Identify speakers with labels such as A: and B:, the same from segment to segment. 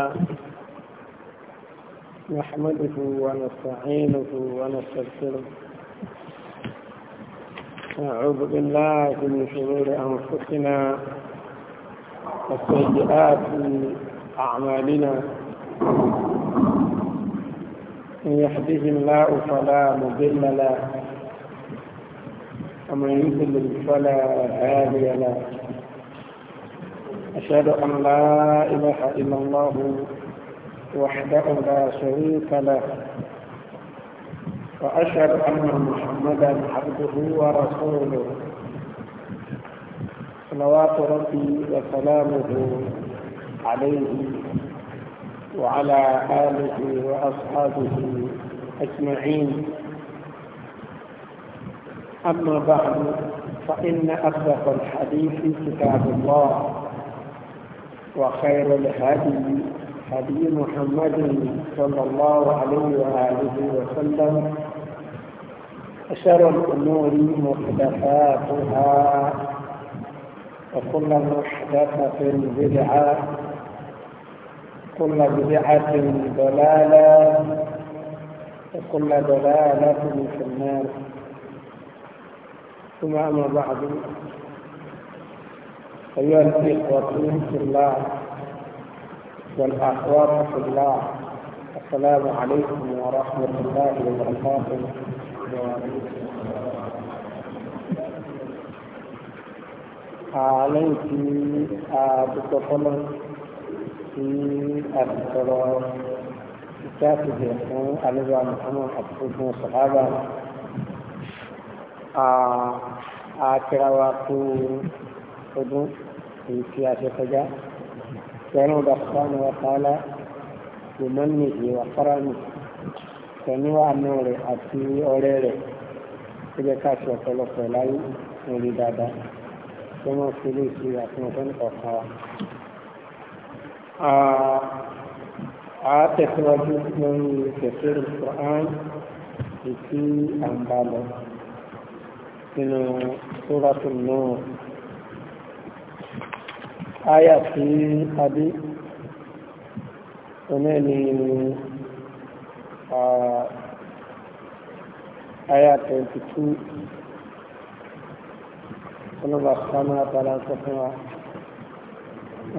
A: نحمده ونستعينه ونستغفره نعوذ بالله من شرور أنفسنا وسيئات أعمالنا من يهده الله فلا مضل له ومن يضلل فلا هادي له أشهد أن لا إله إلا الله وحده لا شريك له وأشهد أن محمدا عبده ورسوله صلوات ربي وسلامه عليه وعلى آله وأصحابه أجمعين أما بعد فإن أصدق الحديث كتاب الله وخير الهدي هدي محمد صلى الله عليه وآله وسلم وشر الأمور محدثاتها وكل محدثة بدعة كل بدعة ضلالة وكل ضلالة في النار ثم أما بعد أيها الإخوة في الله والأخوات في الله السلام عليكم ورحمة الله وبركاته àlẹ́ tí àdúgbò fọ́nà tí àdúgbò ìjá ti bẹ̀ fún àlejò àmọ̀tánà àti gbogbo sàhábà àkìràwà tó ọdún èyí tí a ṣe kọjá sẹ́nu ọba sọ́nù ọ̀tàlá lùmọ́nì ìwà fáránì pẹ̀lú àánú rẹ̀ àti ọ̀rẹ́ rẹ̀ tó jẹ́ ká ṣe ọ̀pọ̀lọpọ̀ láyé lórí dáadáa tó máa fi lè ṣe àfihàn tó ní kọ̀ọ̀kan wa. a tẹ̀síwájú lórí tẹ̀síwájú Quran ìtí àǹbá lọ nínú Suratul Nur áyà tí adé oní ni áyà 22 ọlọ́ba sàmà àtàlà ń sọ fún wa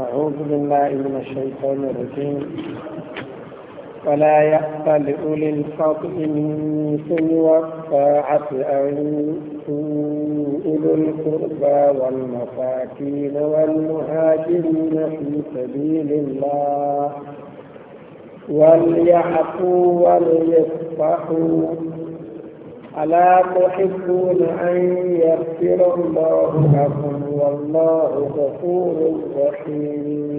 A: أعوذ بالله من الشيطان الرجيم ولا يأبى لأولي الفضل منكم والطاعة أن أولو القربى والمساكين والمهاجرين في سبيل الله وليعفوا وليصفحوا ألا تحبون أن يغفر الله لكم والله غفور رحيم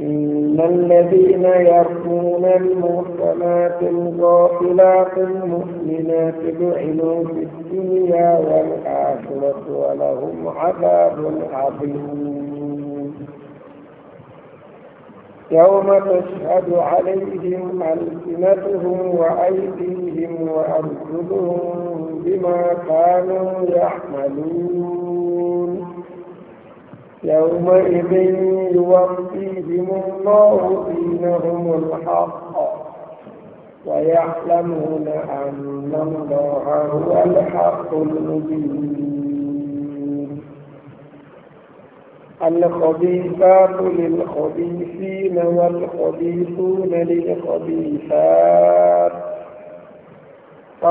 A: إن الذين يرمون المحصنات الغافلات المؤمنات لعنوا في الدنيا والآخرة ولهم عذاب عظيم يوم تشهد عليهم ألسنتهم وأيديهم وأرجلهم بما كانوا يعملون يومئذ يوفيهم الله دينهم الحق ويعلمون أن الله هو الحق المبين الخبيثات للخبيثين والخبيثون للخبيثات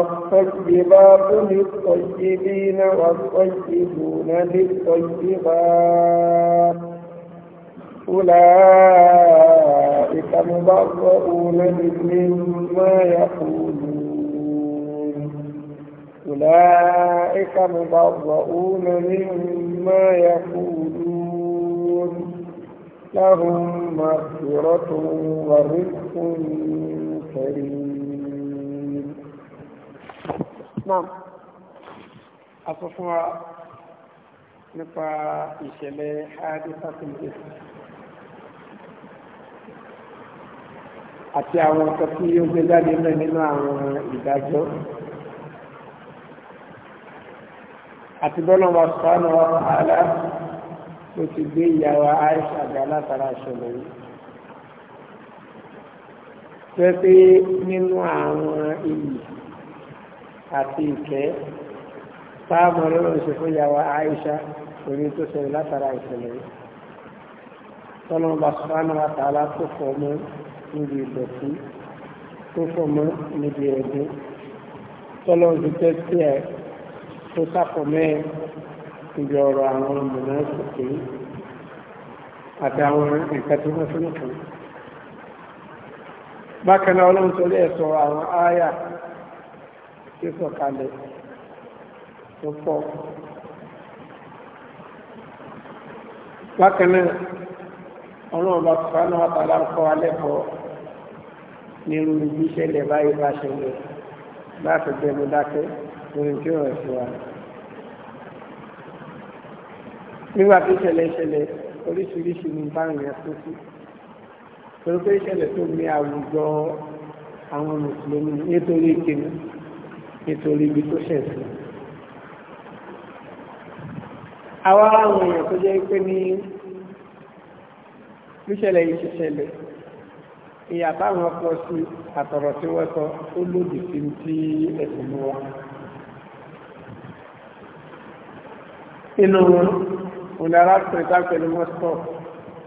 A: فالطيبات للطيبين والطيبون للطيبات أولئك مبرؤون مما يقولون أولئك مبرؤون مما يقولون لهم مغفرة ورزق كريم náà a sọ fún wa nípa ìṣẹ̀lẹ̀ adéfàkìlẹ̀ àti àwọn nǹkan tí ó gbé jáde náà nínú àwọn ìdájọ́ àti bọ́lá wa sọ́nà wa àlá ló ti gbé ìyàwó Aisha àgbà látara ṣẹlẹ̀ yìí pé pé nínú àwọn ìyí àti ìkẹ́ táàmù ọlọ́run ṣe fún ìyàwó Aisha orí tó ṣẹlẹ̀ látara ìṣẹ̀lẹ̀ tọ́lọ́mọba sùpánà àtàlà tó fọ́ mọ́ níbi ìdọ̀tí tó fọ́ mọ́ níbi ẹ̀gbẹ́ tọ́lọ́run ti tẹ́ sí ẹ̀ tó sápọ̀ mẹ́ẹ̀ níbi ọ̀rọ̀ àwọn ọmọdé sókè àti àwọn nǹkan tó wọ́n fún nìkan. bákan náà ọlọ́run torí ẹ̀ sọ àwọn ááyà tí ó sọ̀kalẹ̀ tó pọ̀. bákan náà ọlọ́run bá sùpánù àtàlà ń kọ́ alẹ́ kọ́ nírú ibi ìṣẹ̀lẹ̀ báyìí bá ṣẹlẹ̀ láti gbẹnu dákẹ́ lórí tí ó rẹ̀ sí wa. nígbà tí ìṣẹ̀lẹ̀ ìṣẹ̀lẹ̀ oríṣiríṣi ní báyìí rẹ̀ sí torí pé ìṣẹ̀lẹ̀ tó ní àwùjọ àwọn mùsùlùmí nítorí ìkíni nítorí ibi tó ṣẹ̀ sí. àwa àwọn èèyàn tó jẹ́ pé ní níṣẹ̀lẹ̀ yìí ṣiṣẹ̀lẹ̀ ìyá táwọn ọkọ̀ sí àtọ̀rọ̀ tí wọ́n sọ ó lòdì sí ti ẹ̀sìn wọn. inú wọn òun arákùnrin tá pẹ̀lú mọ́sítọ̀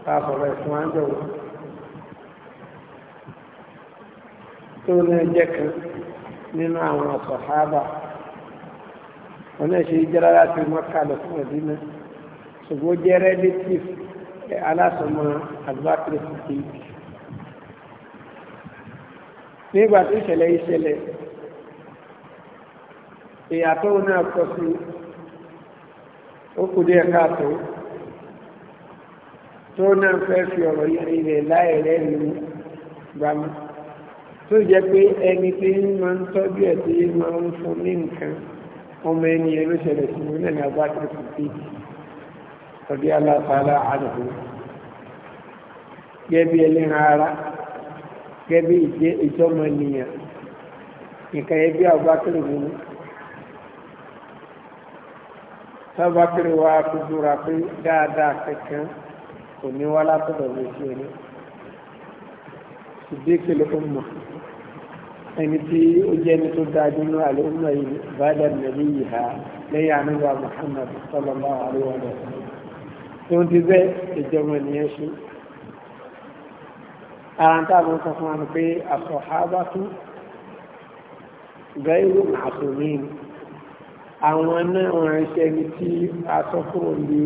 A: tá a sọ̀rọ̀ ẹ̀sùn àjọ wọn tó ní ẹjẹ́ kan nínú àwọn sàhábà wọn náà ṣe ìjẹ́ra láti Mọ́kà lọ fún Mẹdínà ṣùgbọ́n jẹ́ relative alásọmọ àgbákùrẹ́ fìdí nígbà tó ìṣẹ̀lẹ̀ ìṣẹ̀lẹ̀ ìyàtọ̀ náà kọ sí ó kù díẹ̀ tó náà fẹ́ fi ọ̀rọ̀ yẹn ilẹ̀ láì rẹ́ nínú gbàmọ́ tó jẹ́ pé ẹni tí ń máa ń tọ́jú ẹ̀ tí máa ń fún ní nǹkan ọmọ ẹni ẹ̀ ló ṣẹlẹ̀ sí wọn náà ní abájá sí pé ọdí aláfàálà àdùkú gẹ́bí ẹlẹ́ran ara gẹ́bí ìjẹ́ ìjọmọ ènìyàn nǹkan ẹbí àbákẹ́rẹ́ wọn sábàkẹ́rẹ́ wa kò dúra pé dáadáa kankan kò ní wá látọ̀dọ̀ lóṣù ẹni. Siddiq al ẹni tí ó jẹ́ ẹni tó dáa nínú àlùmọ̀ yìí bàdà nàbí yìí ha lẹ́yìn àníwá Muhammad sallallahu alaihi wa sallam tó ń ti bẹ́ ìjọba ènìyàn ṣe ara tá a mọ̀ sọ fún wa pé àsọ̀hábà tún gẹ́rù màsùmí àwọn náà wọ́n ṣe ní tí a sọ kúrò ní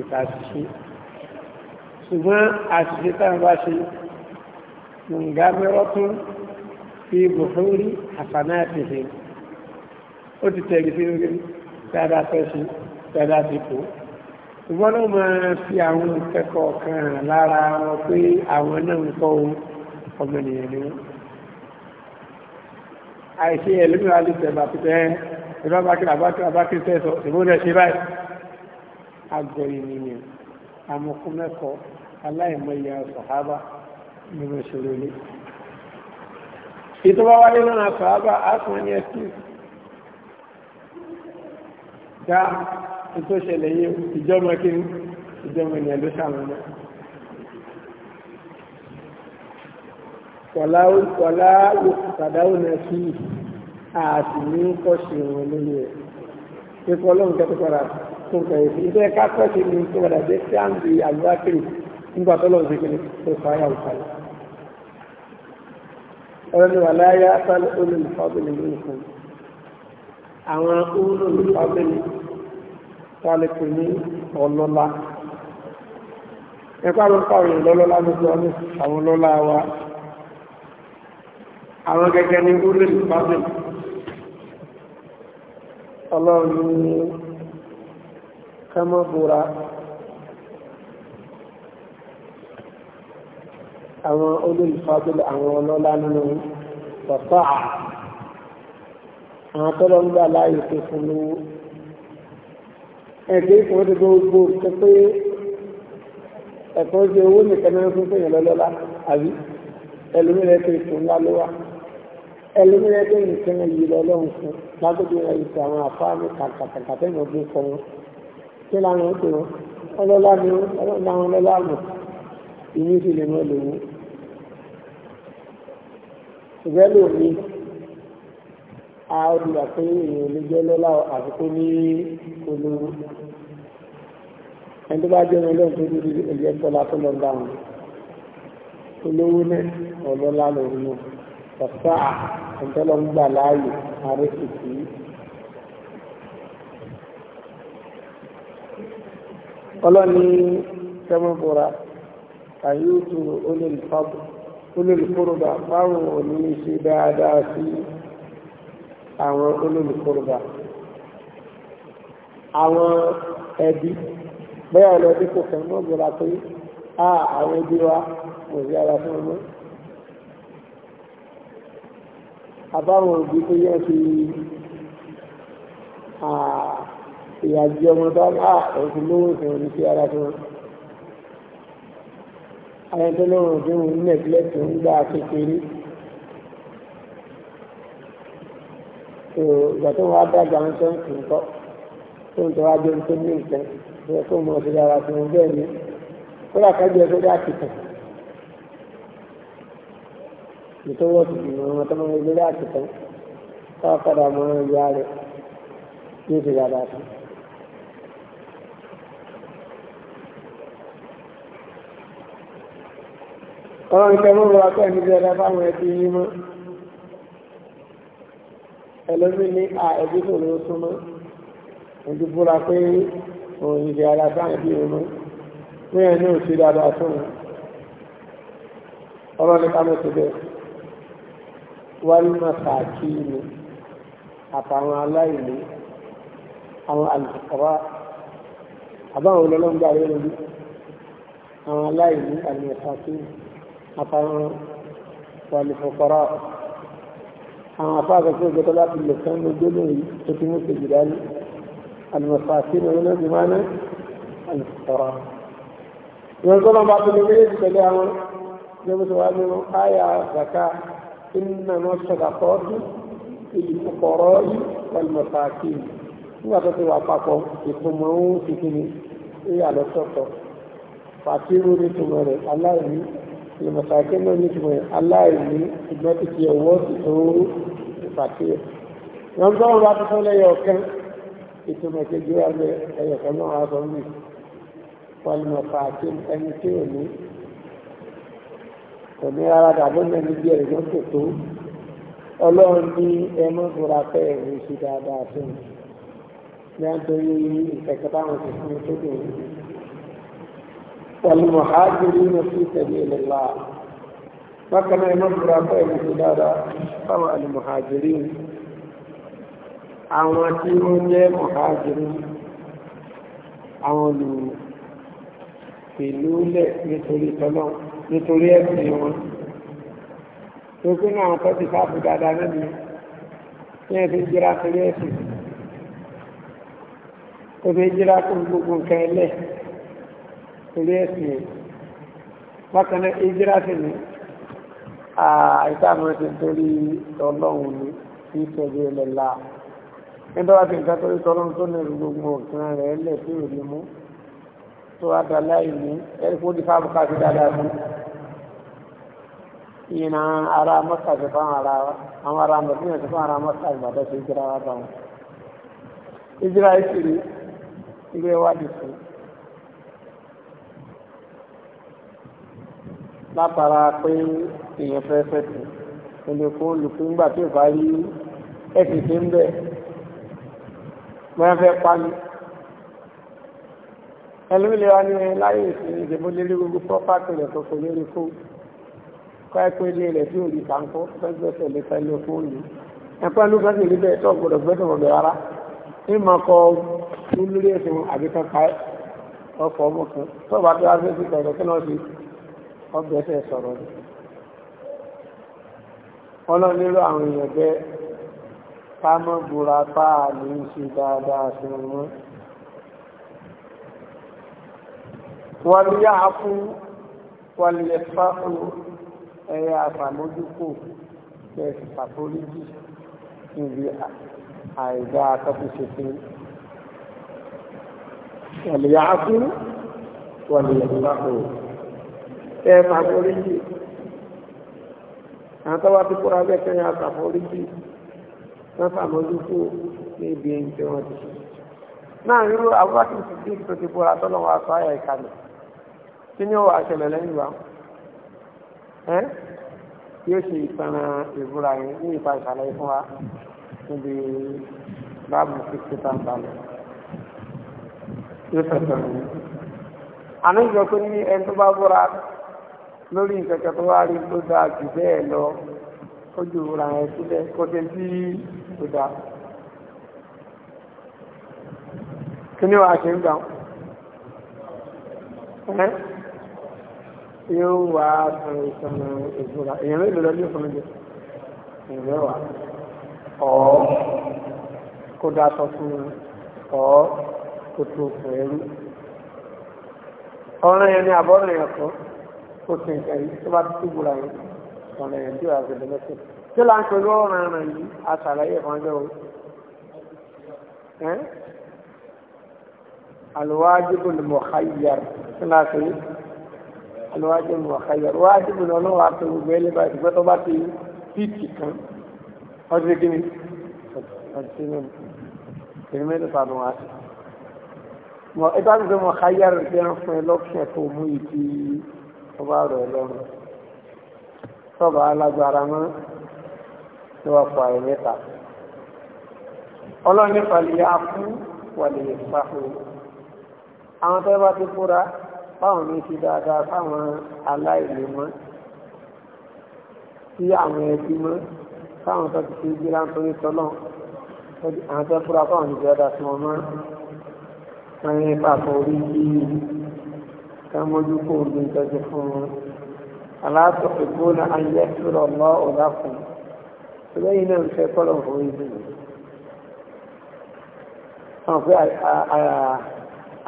A: ìtàṣìṣe ṣùgbọ́n àṣìṣe táwọn bá ṣe ǹgá tún fi bùhórí àfànáàtìhì ó ti tẹ̀lé sí orí dáadáa fẹ́ sí dáadáa ti kú ṣùgbọ́n náà máa fi àwọn ìkẹ́kọ̀ọ́ kan lára wọn pé àwọn náà ń kọ́ ohun ọmọnìyàn ni wọn àìsí ẹlẹ́mìíràn lè tẹ̀lé àpẹtẹ ìbábákìlá àbákìlá tẹ̀sọ̀ ìmúlẹ̀ ṣe báyìí àgọ́ ènìyàn àmọ́kùnmẹ́kọ̀ọ́ aláìmọye sàhábà nínú ìṣòro ilé ìtọ́wá wáyé náà sàábà ákùn ní ẹ̀sì dá ètò ìṣẹ̀lẹ̀ yìí ìjọba kí ní ìjọba ènìyàn ló ṣàmúlẹ̀ wọ̀lá tàdáwò náà sí àti ní kọ́ṣe wọn lórí ẹ̀ pípọ́ lóhun kẹ́kọ̀ọ́ padà tó kẹ̀ sí iṣẹ́ ká kọ́ṣe ní tó padà dé sí àǹdí àgbákiri nígbà tó lọ́ọ̀ sí kí ni tó fàáyà òkàlẹ̀ ọlọ́ni wà láyé asálẹ̀ olùfọ́bìnrin nìkan àwọn olùfọ́bìnrin tálẹ́kù ní ọlọ́lá ẹ̀kọ́ àwọn kọ̀wé lọ́lọ́lá gbogbo ọdún àwọn lọ́lá wa àwọn gẹ́gẹ́ ní olùfọ́bìnrin ọlọ́run ní kọ́mọ́ bóra àwọn olólùfàdúlù àwọn ọlọ́lá nínú pọ̀pọ̀ à àwọn tọ́lọ́ ń gbà láàyè tó fún lówó ẹgbẹ́ ìfún ọdún gbogbo tó pé ẹ̀kọ́ ṣe owó nìkan náà fún fún ìyẹn lọ́lá àbí ẹlòmíràn tó ìfún ńlá ló wà ẹlòmíràn tó nìkan yìí lọ́lọ́run fún lágbègbè rẹ̀ ìfún àwọn àfáàmì kàkàkàkà tẹ́lẹ̀ ọdún fún wọn kí làwọn ó pè wọn ọlọ́lá ni ọlọ́lá wọn lọ́lá àmọ̀ ìmísí lè mọ́ lòun ìgbẹ́ lómi a olùgbà pé èèyàn lè jẹ́ lọ́lá àfikó ní olówó ẹni tó bá jẹ́ ọlọ́run tó dúró ẹ̀yẹ tọ́lá tó lọ dáhùn olówó náà ọlọ́lá lòun náà tọ́sà ẹ̀ńtọ́lọ́ ń gbà láàyè àrékìtì ọlọ́ni sẹ́mọ́bùra àyùtù olè ìfọ́bù olólùkórùbà fáwọn òní ṣe dáadáa sí àwọn olólùkórùbà àwọn ẹbí bẹ́ẹ̀ ọ̀lọ́dí kò kàn mọ́ gbọ́ra pé a àwọn ẹbí wa mọ̀ sí ara fún ọmọ àbáwọn òbí tó yẹ fi ìyàjẹ́ ọmọ tó á òfin lówó ìfẹ̀wọ̀n ní sí ara fún ọmọ àwọn tó lọ́rùn ọdún ilẹ̀ ìpínlẹ̀ tó ń gbà kékeré ìgbà tó wá dàgbà ń sọ nǹkan kọ́ tó ń tọ́wá jẹun tó ní nǹkan ìgbà tó mọ̀ sí ara tó ń bẹ́ẹ̀ ni ó rà kájú ẹ tó dá kìtàn ìtọ́wọ́ sì dùn àwọn tó máa dá kìtàn ká padà mọ ìyá rẹ̀ ní ìṣèjọba fún ọlọ́run ìfẹ́ mọ́rọ̀ wá pẹ̀lú bí ọlá fáwọn ẹbí yín mọ́ ẹlọ́mí ní à ẹbí tó ló tún mọ́ ojú búra pé òun ìfẹ́ ara fáwọn ẹbí yín mọ́ pé ẹ̀ ní òsì dáadáa fún wọn ọlọ́run ní kámọ́ ti bẹ́ẹ̀ wálé má sàákì ni àtàwọn aláìní àwọn àlùkọ́rá àbáwọn olólùgbà rẹ̀ lórí àwọn aláìní àlùmọ̀sákì àtàwọn wàlìfọ̀kọ́rọ́ àwọn afáàgbà tí ó gbé tọ́lá ti lè sán ní gbóló yìí tó ti mú kejì dání alùmọ̀sáàtì ní olóògbé ti máa ná alùfọ̀kọ́rọ́ ìwọ̀n tó lọ́n bá tó lè méjèèjì pẹ̀lú àwọn lẹ́gbẹ̀ẹ́ tó wá nínú áyà zaka إنما الصدقات للفقراء والمساكين nígbà tó ti wà papọ̀ ìtumọ̀ ohun ti kí ni ìyàlọ́sọ̀tọ̀ fàtírù nítumọ̀ rẹ̀ aláìní ìmọ̀sàkẹ́ náà ní ìtumọ̀ aláìní ìgbọ́n ti fi ọwọ́ sí ooru ìpàkíyà wọn bá wọn bá tó tán lẹ́yọ ọ̀kan ìtumọ̀ kejì wà lẹ ẹyọ kan náà wà sọ mí pọlìmọ̀sàkẹ́ ẹni tí ò ní kò ní rárá dàbọ̀ náà ní bí ẹ̀rọ kò tó ọlọ́run ní ẹnu ìfura fẹ́ ẹ̀rọ ìṣe dáadáa fún mi ní àtọ́yé ìkẹ́kẹ́ táwọn ti fún mi tó dùn والمهاجرين في سبيل الله فكما يمر بين الإدارة فهو المهاجرين àwọn tí ó jẹ́ mọ̀hájìrí àwọn olùpèlúlẹ̀ nítorí tọ́lọ́ nítorí ẹ̀sìn wọn tó kí ní àwọn tọ́tí sáàbù dáadáa nẹ́bí ní ẹ̀fẹ́ jíra torí ẹ̀sìn tó fẹ́ jíra tó gbogbo nǹkan ẹlẹ́ẹ̀ torí ẹ̀sìn ẹ̀ bákan náà ìjírásì ni àìsàmọ́ ti torí ọlọ́run ni tí tẹ̀lé ẹlẹ́ la nígbà wá sí nǹkan torí tọ́lọ́run tó lè gbogbo òkan rẹ̀ lẹ̀ tí ò ní mú tó wá dá láì ní ẹ̀rí kó di fáàmù ká sí dáadáa sí ìyẹn ara mọ́tà ti fáwọn ara àwọn ará mọ̀tíyàn ti fáwọn ará mọ́tà fún látara pé èèyàn fẹ́ fẹ́sìn ilé kó olùpín gbà tí ò bá rí ẹ̀sìn tí ń bẹ̀ wọ́n fẹ́ pa ni ẹlòmílẹ̀ wa ní láyé ìsìn ìdìbò lérí gbogbo pọ́pátì rẹ̀ tó kò lérí kó kọ́ ẹ pé ilé rẹ̀ tí ò rí kàńkọ́ fẹ́gbẹ́sẹ̀ lè fẹ́ lé fóònù ẹ̀pẹ́ ló fẹ́ kìí bẹ́ẹ̀ tó gbọdọ̀ gbẹ́sẹ̀ ọgbẹ́fẹ́ sọ̀rọ̀ ni ọlọ́nirú àwọn èèyàn bẹ́ ká mọ́ gbúra páà ní ṣe dáadáa sí wọn wàlúyà ápú wàlúyà pápú ẹ̀yà àfàmójúkò bẹ́ẹ̀ sì pàtóríjì níbi àìdá akọ́kùnṣẹ́fẹ́ wàlúyà ápú wàlúyà pápú ẹ máa forí jì àwọn tó bá ti kóra bẹ́ẹ̀ kẹ́yìn àgbà forí jì wọ́n fàmójútó ní ibi ẹni tí wọ́n ti ṣe. náà irú abúlé ti di tó ti kóra tọ́lọ́wọ́ aṣọ àyà ìkàlẹ̀ kí ni ó wà ṣẹlẹ̀ lẹ́yìn wa ẹ́ yóò ṣe ìtànà ìbúra yẹn ní ìpa ìṣàlẹ̀ fún wa níbi báàbù fífi tá ń balẹ̀ yóò fẹ̀sọ̀ àníjọ tó ní ẹni tó bá búra lórí nǹkan tó wá rí ló dáa jù bẹ́ẹ̀ lọ ó ju ra ẹ̀ sílẹ̀ kó ṣe sí tó dáa. kí ni wàá ṣe ń gbà ẹ́ yóò wá sọ̀rọ̀ ìsọ̀nà ìfura èèyàn mélòó lọ ní òfin jẹ ìrẹ́ wa ọ̀ kó dáa sọ fún un ọ̀ kó tó fún ẹrú ọ̀ràn yẹn ni àbọ̀ràn yẹn kọ́ kó ṣe nǹkan yìí tó bá ti tó búra yìí ọ̀nà ẹ̀ tí ó àgbẹ̀dẹ̀ lẹ́sẹ̀. tí là ń pẹ̀lú ọ̀ràn ara yìí aṣàlàyé ẹ̀fọn jẹ́ o. alùwájúbù ni mo xayà tí là ń pè é alùwájúbù ni mo xayà wájúbù ni ọlọ́wọ́ àti gbogbo ẹ̀ lébà ìgbẹ́ tó bá ti fíìtì kan ọdún kí ni ọdún kí ni kìrìmẹ́tì tó àdùn wá sí. ìtọ́jú mo xayà rẹ̀ fi hàn fún ẹ lọ́kùnrin tó mú ìdí tó bá rọ̀ lọ́rùn tọ́ba alágbára mọ́ tí wọ́n pa ẹ̀ mẹ́ta ọlọ́ni pàlìyà fún wàlẹ̀ ìfàfò àwọn tó bá ti fúra báwọn ní ti dáadáa fáwọn aláìlè mọ́ sí àwọn ẹbí mọ́ fáwọn tó ti fi gbéra nítorí tọ́lọ́ àwọn tó fúra fáwọn ìjọba tí wọ́n mọ́ wọ́n ní pàtó orí yìí ká mójú kó omi ìtọ́jú fún wọn aláàtọ̀ ìgbóná ayé fúnra ọlọ́ ọ̀dà kan lẹ́yìn náà ń fẹ́ kọ́lọ̀ fún ìdílé àwọn pé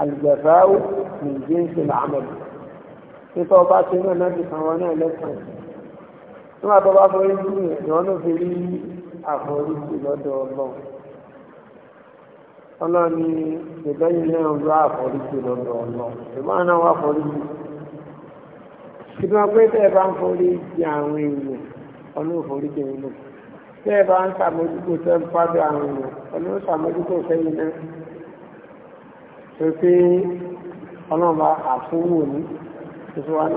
A: àlùgbàfáwò ní jíǹsì làmọ̀lù nípa ọba tí náà náà ti san wọn náà lẹ́sàn-án nígbà tó bá fọ́ ìdílé ìwọ́n náà fi rí àforíjì lọ́dọ̀ ọlọ́run ọlọ́ni ìgbẹ́yìn náà ń lọ àforíjì lọ́dọ̀ ọ̀nà ìgbọ́n náà wà foríjì ìgbọ́n pé tẹ́ ẹ bá ń foríjì àwọn èèyàn ọ̀nà òforíjì nínú tẹ́ ẹ bá ń sàmójúkò tẹ́ ń pàdé àwọn èèyàn ọ̀nà òsàmójúkò sẹ́yìn náà tó pé ọlọ́mà àfúnwò ní ìṣòwòn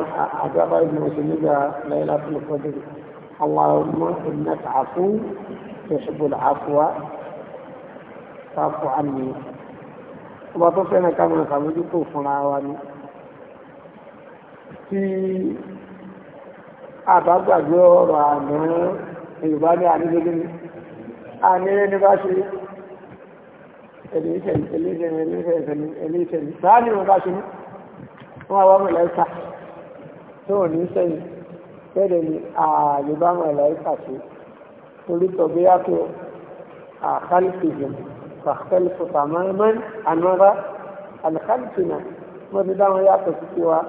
A: àgbàbá ìgbìmọ̀ òṣèlú gba lẹ́yìn látìlú fọ́dúrú àwọn ọmọ ìnáta àfún ìṣòbò fáfọ àmì ọba tó fẹ́ràn kámẹ́rà sàmójútó fúnra wa ni tí àbágbàgbé ọ̀rọ̀ àná yorùbá ní àníjẹ́gbé ni àníyẹ́ ní bá ṣe ẹ̀lẹ́ṣẹ̀lẹ́ ẹ̀lẹ́ṣẹ̀lẹ́ ẹ̀lẹ́ṣẹ̀lẹ́ ẹ̀lẹ́ṣẹ̀lẹ́ sáà ní wọ́n bá ṣe ní wọ́n àwọn mẹ̀lẹ́ta tó ní sẹ́yìn bẹ́ẹ̀ ni ààyè bá mẹ̀lẹ́ta ṣe torí تختلف تماما عن ماذا؟ عن خلقنا مدام يعطي سوى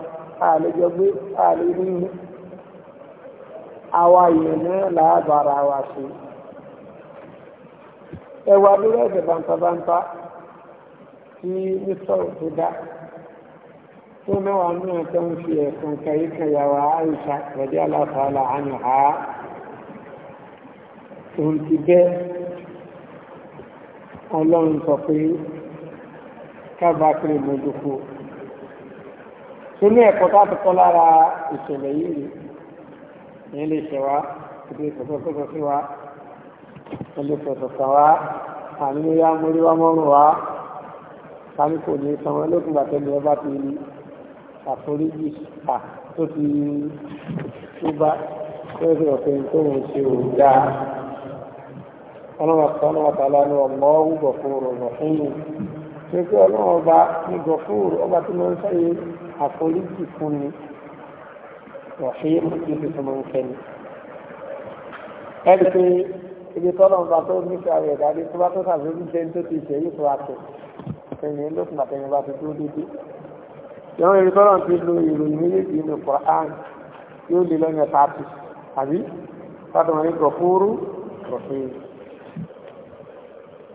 A: آل جبي آل إبنه أواينا لا برا واشي ẹwà lórí ẹ̀jẹ̀ bàǹtàbàǹtà tí nísọ̀rọ̀ tó dá tó mẹ́wàá náà tó ń fi ẹ̀sùn kẹyíkẹyàwó àìsà rẹ̀dí aláfàálà àmì ha tòun ti bẹ́ẹ̀ ọlọ́run sọ pé kábà kiri mojúkú sínú ẹ̀kọ́ táti kọ́ lára ìṣẹ̀lẹ̀ yìí ní lè ṣe wá ìdí ìtọ́sọ́sọ́sọ́ sí wa ilé ìtọ́sọ́sọ́ wa àníyá mórí wá mọ́rùn wá sáré kò ní san wọn lókun gbàtẹ́ ni ọba ti àforíjì à tó ti tó bá tó ẹ̀sìn ọ̀sẹ̀ tó ń ṣe òun dáa ọlọ́wọ́ sọ́nà ọ̀tàlá ní ọlọ́wọ́ gọ̀fúrò rọ̀fúrò ṣe pé ọlọ́wọ́ bá ní gọ̀fúrò ọba tí mo ń sáyé àforíjì fún ni rọ̀fúrò tí ó fi mọ́ ń kẹ́ni. ẹni pé ibi tọ́lọ̀ ọba tó ní fi àwẹ̀ ìdájọ́ tó bá tó sàbí ní jẹ́ tó ti ṣe yìí tó a tẹ̀ ẹ̀yìn ló fún àtẹ̀yìn bá ti dúró dédé. ìwọ̀n ibi tọ́lọ̀ ti lo ìròyìn méjèèjì nínú Qur'an yóò lé lọ́yìn ẹ̀ta àbí fàtàwọn ní gọ̀fúrò rọ̀fúrò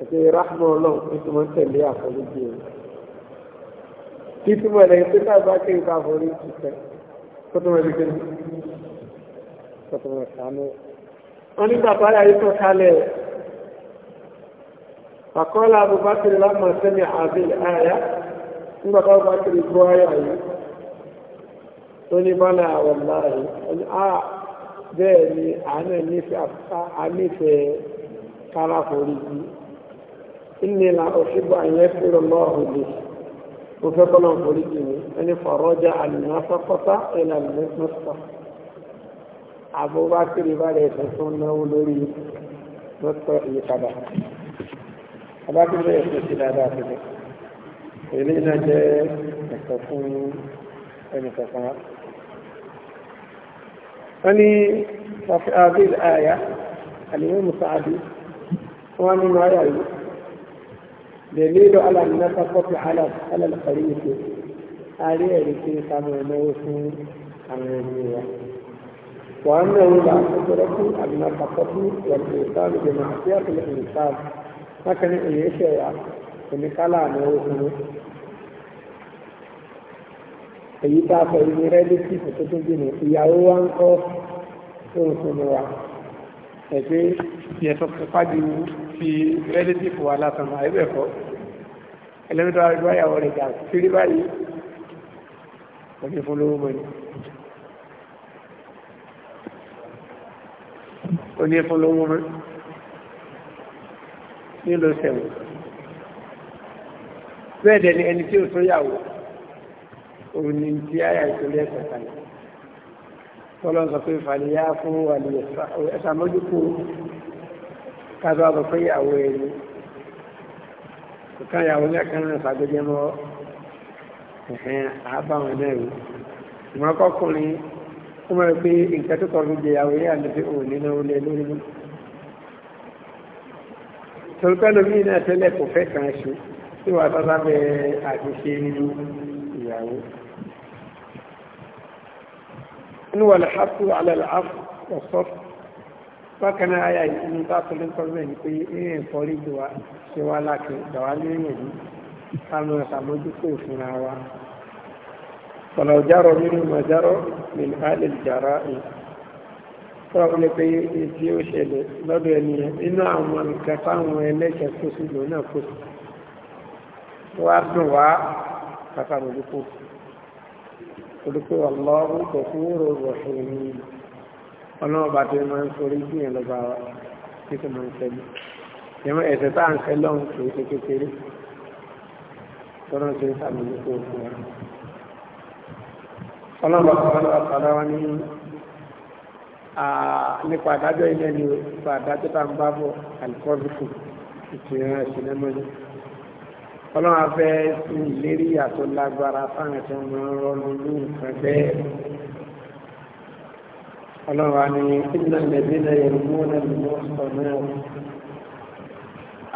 A: àti rahman ọlọ́run tó ti máa ń tẹ̀lé àforíjì rẹ̀ títí mọ̀ ẹ̀lẹ́yìn pé táà bá kéwì ká àforíjì tẹ̀ tó tó mọ̀ ẹ̀lẹ́yìn kéwì tó tó mọ̀ sànú. wọ́n ní bàbá yà yíkọ̀ kalẹ̀ àkọọ́lá Abubakar lámà sẹ́mi àbíl àyà nígbà tó Abubakar gbọ́ àyà yìí tó ní bá náà wọ̀ láàyè bẹ́ẹ̀ ni àánú nífẹ̀ẹ́ kára forí yìí inni la ọ̀ṣìbọ àyẹ̀ fúnra lọ́ọ̀hún lè mo fẹ́ kọ́ lọ́n forí jì mí ẹni fọ̀rọ́jà àlùmọ́ fọ́fọ́fá ẹ̀là mẹ́fọ́fọ́ àbúbákiri bá rẹ̀ ẹ̀sẹ̀ tó náwó lórí mọ́tọ́ ìyípadà abákiri bá ẹ̀sẹ̀ sí dáadáa tó dé èlé náà jẹ́ ẹ̀sẹ̀ fún ẹnì kẹfà wọ́n ní wàfẹ́ abil aya àlùmọ́ wọ́n ní máa yìí دليل على النفقة على على الخليفة هذه التي كانوا يموتون عن النبي وأنه لا تدرك النفقة والإنسان بمعصية الإنسان لكن أي شيء إن قال أنه èyí tá a sọ ìlú rẹ́lẹ́tì tuntun bí mi ìyàwó wa ń kọ́ tó ń sọ mi wá ẹ̀ pé di wú fi rẹ́lẹ́tìfù wa látàn àìbẹ̀kọ́ ẹlẹ́mìtọ́ àríwá ìyàwó rẹ̀ jà sírí báyìí òní fún lówó mọ́ni òní fún lówó mọ́ nílò sẹ́wọ̀n bẹ́ẹ̀ dẹ̀ ni ẹni tí ò tó yàwó òun ni ti àyà ìtòlẹ́ ẹ̀sẹ̀ kalẹ̀ tọ́lọ́ sọ pé fàlẹ́ yá fún wàlẹ̀ ẹ̀sàmójúkú kájọ àbọ̀ fún ìyàwó ẹni kọ̀kan ìyàwó lẹ́kan náà sàgbẹ́jẹ́ mọ́ ẹ̀hẹ́n àbáwọn náà rí ìmọ̀ ọkọ̀kùnrin ó mọ̀ pé nǹkan tó kọ̀ọ̀rọ̀ jẹ ìyàwó yẹ́ àlẹ́fẹ́ òun nínú ilé lórí mú torúkọ́ bákan náà ayà ìsinmi bá tó lé kọ́lé ní pé eré ẹ̀fọ́rí gbòwá ṣe wá láti dàwá lérò ní kánú ìsàmójúkò ìfúnra wa ọ̀nà ìjárọ̀ nínú ìmọ̀járọ̀ nínú alẹ́ ìjàrá ẹ̀ fọ́nà ní pé èsì ó ṣẹlẹ̀ lọ́dọ̀ ènìyàn nínú àwọn nǹkan táwọn ẹlẹ́ṣẹ̀ kó sí lòun náà kó sí wá dùn wá kàtàmójúkò olùkọ́ ọlọ́run kò fún ròrò nìyí ọlọ́wọ́ bá tó máa ń forí sí yẹn lọ́ba wa tí kò máa ń sẹ́lẹ̀ ìmọ̀ ẹ̀sẹ̀ tá à ń sẹ́lọ̀ ń kì ṣe kékeré tọ́nà ṣe ni nípa àdájọ́ tá à ń bá bọ̀ àlùkọ́bìkù ìtìrìnà ìṣẹ̀lẹ̀ mọ́lẹ̀ ọlọ́wọ́ afẹ́ sí ìlérí àtọ́lágbára fáwọn ẹ̀sẹ̀ wọn rọ́ọ̀lù nǹkan bẹ́ẹ̀ ọlọ́wà ni ìlànà ìdílé ìrùmúnà ìmọ̀ọ́sọ̀nà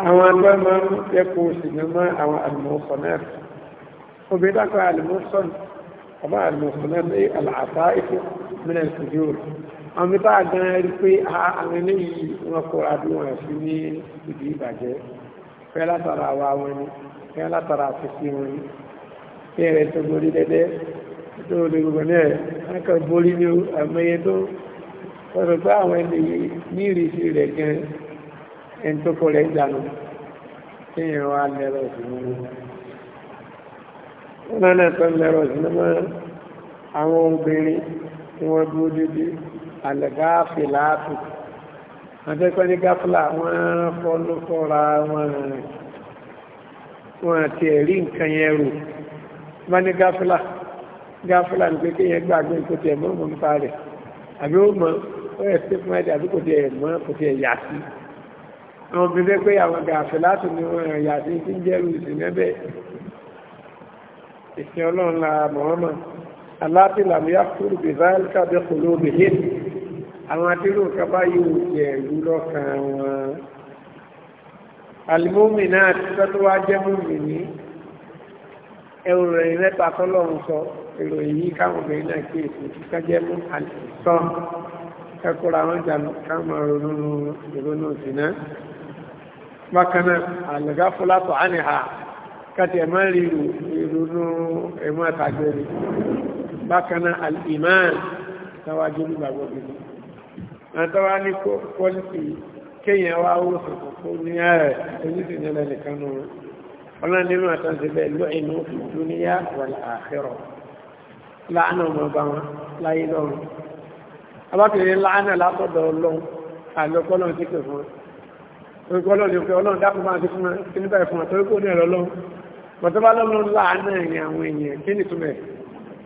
A: àwọn agbá máa ń yẹ́kọ̀ọ́ òṣìṣẹ́ mọ́ àwọn àlùmọ̀ọ́sọ̀nà obìnrin dákọ̀ àlùmọ̀ọ́sọ̀nà ọba àlùmọ̀ọ́sọ̀nà pé àlàáfà ìfẹ́ mílẹ̀ ìṣòjú àwọn mi bá gan rí pé àwọn eléyìí wọn kọ àdúrà sí ní ìdí ìbàjẹ́ tó lè gbogbo náà akọ̀ borí ní àmọye tó sọ̀rọ̀ pé àwọn ẹni ní ìrísí rẹ̀ gan ẹni tó kọ rẹ̀ dànù tí ìrìn wa lẹ́rọ̀ sí mú wọn náà tó lẹ́rọ̀ sí mọ́ àwọn obìnrin tí wọ́n dúró dédé àlẹ́gáàfì láàfì àtẹ́kọ́ ní gáfìlà wọ́n fọ́nú fọ́ra wọn wọn àti ẹ̀rí nǹkan yẹn rò wọ́n ní gáfìlà gáfúlà ní pé kéèyàn gbàgbé kò tiẹ̀ mọ́ mọ́ nípa rẹ̀ àbí ó mọ ó yẹ sí fún ẹ̀dẹ̀ àbí kò tiẹ̀ mọ́ kò tiẹ̀ yà sí àwọn obìnrin pé àwọn gàfẹ́ láti ní wọn yà sí tí ń jẹ́rù ìsìn mẹ́bẹ̀ ìsìn ọlọ́run la mọ̀ọ́mọ̀ aláàtì làmúyá kúrò bí báyìí kò ló bè yé àwọn adéró nǹkan báyìí ò tiẹ̀ rú lọ́kàn wọn alimomi náà ti tọ́tọ́ wá jẹ́ mọ́mì ní ẹ̀rù rẹ̀ tọ́lọ́run sọ ìròyìn yìí káwọn obìnrin náà kí èsì kíkọ́ jẹ́ mú àìsàn ẹkùnra wọn jàǹdù káwọn ronú ìrònú ìsìná bákan náà àlùgá fúlátọ̀ ánìhà káti ẹ̀mọ́ rí ìrònú ẹ̀mọ́ àtàgbèrè bákan náà alìmáàn tọ́wájú nígbàgbọ́ gidi àtọ́wá ní pọ́lìsì kéèyàn wá nínú àtàǹsẹ̀ bẹ́ẹ̀ lọ́ìnú dúníyà wal láàánà ọmọ ọba wọn láyé lọ́rùn abákìlẹ̀ láàánà látọ̀dọ̀ ọlọ́run àlọ́pọ̀lọ́run ti pè fún wọn orúkọlọ́run ìfẹ́ ọlọ́run dákùn máa ti fún wọn kí níbà ìfún wọn torí kò ní ẹ̀rọ lọ́run bọ̀tọ́ bá lọ́run láàánà ẹ̀yìn àwọn èèyàn kí ni túmẹ̀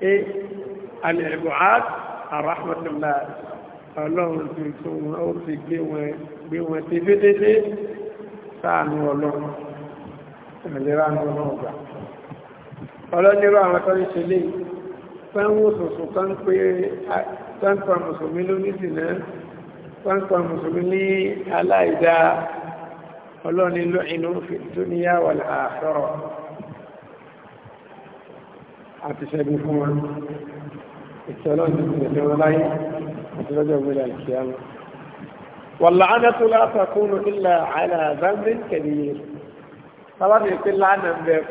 A: ẹ alẹ́ ẹ̀bù art àràhùnmọ́tìmọ́lá ọlọ́run ti tún wọn ó ti gbé wọn gbé wọn ti fi dédé sáànù ọlọ́run ìrìnlẹ́rà ọlọ́run gbà ọlọ́nirú àwọn tó ń ṣe léyìí tánwò sọ̀sọ̀ tán pé tánpa mùsùlùmí ló ní dìnà tánpa mùsùlùmí ní aláìdá ọlọ́ni ló inú fi dúníyà wà láàárọ̀ àti ṣẹ́gun fún wọn ìtọ́lọ́ ti tẹ̀lé wọn láyé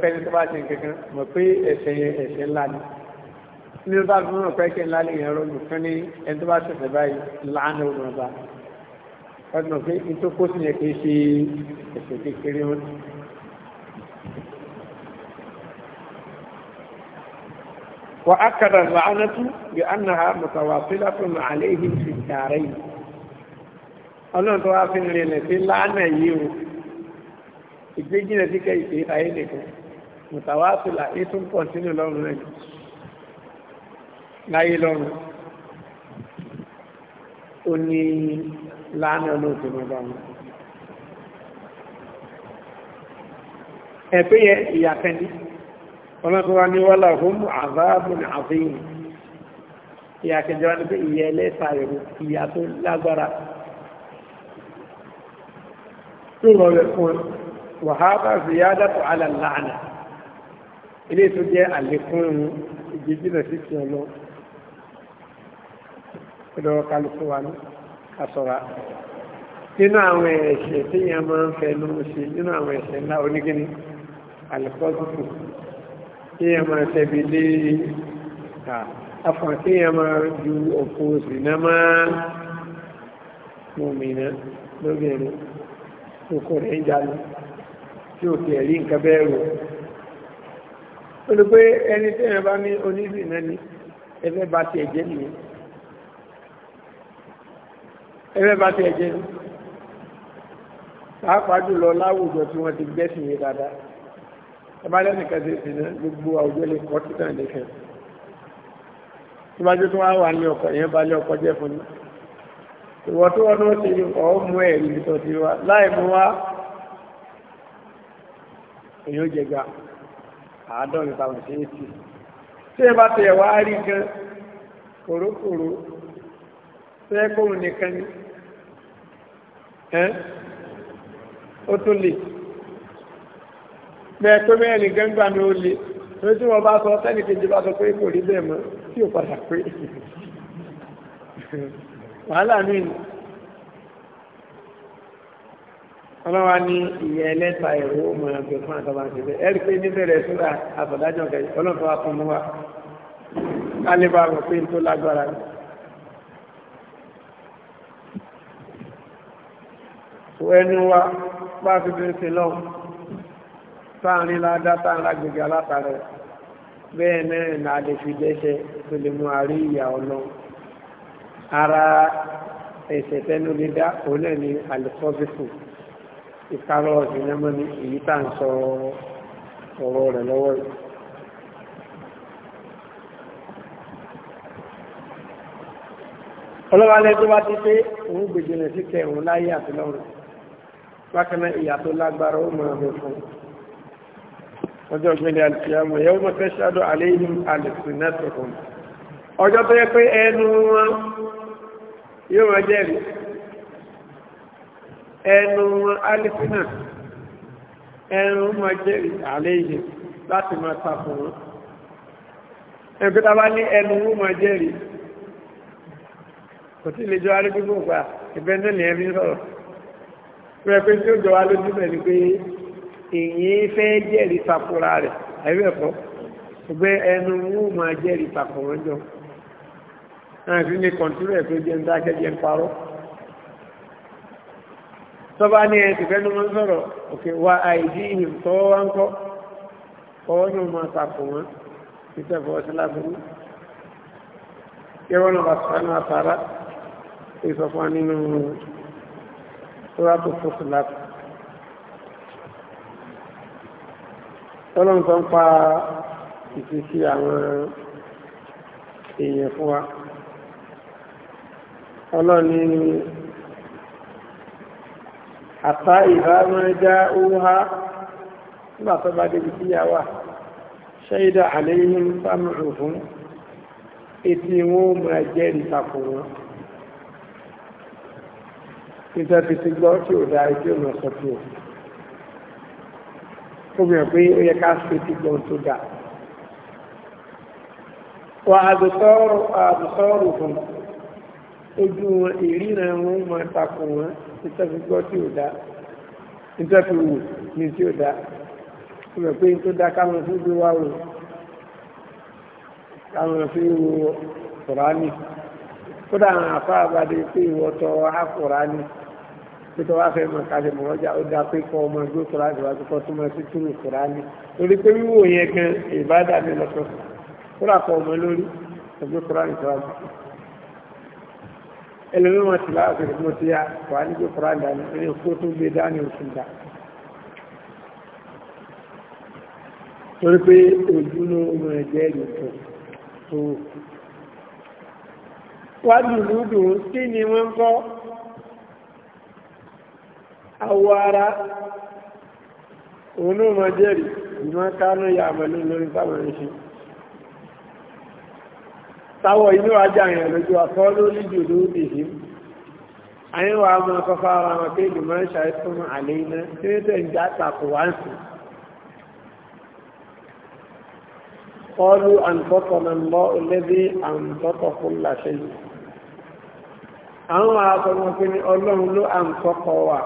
A: fẹ́ni tó kankan mọ̀ pé ẹ̀ṣẹ̀ ẹ̀ṣẹ̀ ńlá ni ní bá fi mọ̀ pé kí n lálẹ́ yẹn rọ́ọ̀lù fún ní ẹni tó bá ṣẹ̀ṣẹ̀ báyìí láàánú ọdún ọba ọdún pé ètò kó sì yẹ kí ṣe ẹ̀sẹ̀ kékeré wọn. wa akada la'anatu bi annaha mutawasilatun alayhim fi darain ọlọ́run tó wá fi ń rinlẹ̀ sí lánà yìí o ìgbéjìnà sí kẹ́ ìpè ayé nìkan mutawasila ètò ń pọ̀ sínú lọ́rùn náà láyé lọ́rùn ó ní láàánú olóòtú máa bá wọn. ẹ̀pẹ́ yẹ ìyàkẹ́ni ọlọ́tọ́wà ní wọ́lá fún àzáàbùn àfihàn ìyàkẹ́jọ́ wá ní pé ìyẹ ẹlẹ́ta ìrù ìyà tó lágbára tó rọrẹ̀ fún wàhábà ziyadatu ala la'na ilé tó jẹ́ àlékún ìgbésílẹ̀ sí ti ọlọ́run lọ́wọ́ kálukú wa ní kásọ̀ra nínú àwọn ẹ̀ṣẹ̀ tí yẹn máa ń fẹ́ ló ń ṣe nínú àwọn ẹ̀ṣẹ̀ ńlá onígíní àlùkọ́sùkù tí yẹn máa tẹ̀bi lé afọ̀n tí yẹn máa ju òkú oṣù náà máa mọ̀mìnà òkú rẹ̀ ń jalè tí ò tiẹ̀ nǹkan bẹ́ẹ̀ rò ó ẹni tí yẹn bá ní oníbìnrin ní ẹgbẹ́ bá tiẹ̀ jẹ́ nìyẹn ẹgbẹ́ bá tiẹ̀ jẹ́ pàápàá jùlọ láwùjọ tí wọ́n ti gbẹ́sìn yìí dáadáa ẹ bá lẹ́nìkan ṣe sì ná gbogbo àwùjọ lè kọ́ títàn lè fẹ́ tí wọ́n tó wá wà ní ọkọ̀ ìyẹn bá lé ọkọ̀ jẹ́ fún mi ìwọ tó wọ́n tó ṣe ọ̀ tí ẹ bá tẹ̀ wá rí gan kòrókòró tó nìkan ni. ẹ́ ó tún lè bẹ́ẹ̀ tó bẹ́ẹ̀ ní ni lè bá sọ sẹ́ni kejì bá sọ pé kò rí bẹ́ẹ̀ mọ́ tí ò padà pé wàhálà mi ni ọlọ́wà ní ìyẹ́ ẹlẹ́ta ẹ̀rọ ọmọ ẹgbẹ́ fún àtọ́bà ń ṣẹlẹ̀ ẹ̀rí ẹnu wa bá fi fi ṣe lọ sáàrin ládá sáàrin lágbègbè alátàrẹ bẹ́ẹ̀ náà náà lè fi dẹ́ṣẹ̀ tó lè mú àrí ìyà ọ̀nà ara ẹ̀ṣẹ̀ tẹ́nu lè dá òun náà ní àlùfọ́sífù ìkárọ̀ ìnáwó ní èyí tá ń sọ ọ̀rọ̀ rẹ̀ lọ́wọ́ yìí. ọlọ́wà lẹ́tọ́ bá ti pé òun gbèjìnà sí kẹrùn láyé àti lọ́rùn bákanáà ìyà tó lágbára ó máa bẹ fún ọjọ́ ìgbẹ̀lẹ̀ alìsíyàmù yẹ́wò mọ́ fẹ́ ṣáàdọ̀ àléhìn alìsínẹ́tọ̀kùn ọjọ́ tó yẹ pé ẹnu wọn yóò máa jẹ́rìí ẹnu wọn alìsínà ẹnu máa jẹ́rìí àléhìn láti máa ta fún wọn ẹgbẹ́ta bá ní ẹnu wọn máa jẹ́rìí kò tí ì lè jọ arígbígbò gbà ìbẹ́ náà lè rí sọ̀rọ̀ rẹ̀ pé tí ó jọ wá lójú mẹ́ ni pé èyí fẹ́ jẹ́rìí takora rẹ̀ àbí ẹ̀kọ́ gbé ẹnu wú máa jẹ́rìí takora jọ náà fi ní kọ̀ǹtúrú ẹ̀ pé jẹun dákẹ́ jẹun parọ́ tọ́ba ní ẹ ti fẹ́nu wọn sọ̀rọ̀ òkè wa àìdí ìhìn tọ́wọ́ wá ń kọ́ ọwọ́ ní ọmọ àtàkù wọn títẹ̀ fọ́ sí lábúrú yẹ́wọ́n náà bá sọ̀rọ̀ náà tààrà ìsọ̀fún nínú suratu fusilat tọ́lọ́n tó ń pa ìfisí àwọn èèyàn fún wa ọlọ́ni àtà ìbámẹ́já òwúhá nígbà tó bá débi sí yàwá ṣẹ́yìdá àlẹ́yìn fámù òfún etí wọn mọ̀ ẹjẹ́ ìtakùn wọn níta fi ti gbọ́ tí ò dáa tí ò lọ sọ tí ò ó mìíràn pé ó yẹ ká ṣe ti gbọ́ tó dáa wà àdùsọ́rù àdùsọ́rù fún ojú wọn ìríran wọn mọ ìtakò wọn níta fi gbọ́ tí ò dáa níta fi wù ní tí ò dáa ó mìíràn pé tó dáa káwọn fi gbé wá wò káwọn fi wo kùránì kódà àwọn àfáà pé ìwọ́tọ̀ á kùránì pípẹ́ wá fẹ́ mọ̀ káṣẹ mọ̀ ọjà ó dá pé kọ́ ọmọ ẹgbẹ́ kọ́ra àti wájú kọ́ súnmọ́ sí túnú kọ́ra ní torí pé wíwò yẹn gan ìbádà mi lọ́tọ̀ kóra kọ́ ọmọ lórí ẹgbẹ́ kọ́ra ní kọ́ra ní. ẹlẹ́mìíràn ti láàbù mo ti yá wà nígbẹ́ kọ́ra dání ẹni kó tó gbé dání oṣù dá. torí pé ojú ló ń jẹ́ ìlú tó wájú lùdùn kí ni wọ́n ń kọ́ awọ ara òun náà máa jẹ́rìí ìmọ̀ kánú ya àmàlú lórí sáwọn ẹ̀ṣin táwọ̀ inú ajá àyàn lójú àkọ́ lórí jùlọ ìhì àyìn wa máa kọfà ara wọn pé ìgbìmọ̀ ń ṣàìsùn àlẹ́ iná tí ó tẹ̀ ń já tàkù wá ń sùn kọlu àǹtọ́tọ̀nà lọ lẹ́bí àǹtọ́tọ̀ fún làṣẹ́yìn àwọn àtọ̀mọ̀ pé ní ọlọ́run ló àǹtọ́kọ̀ wà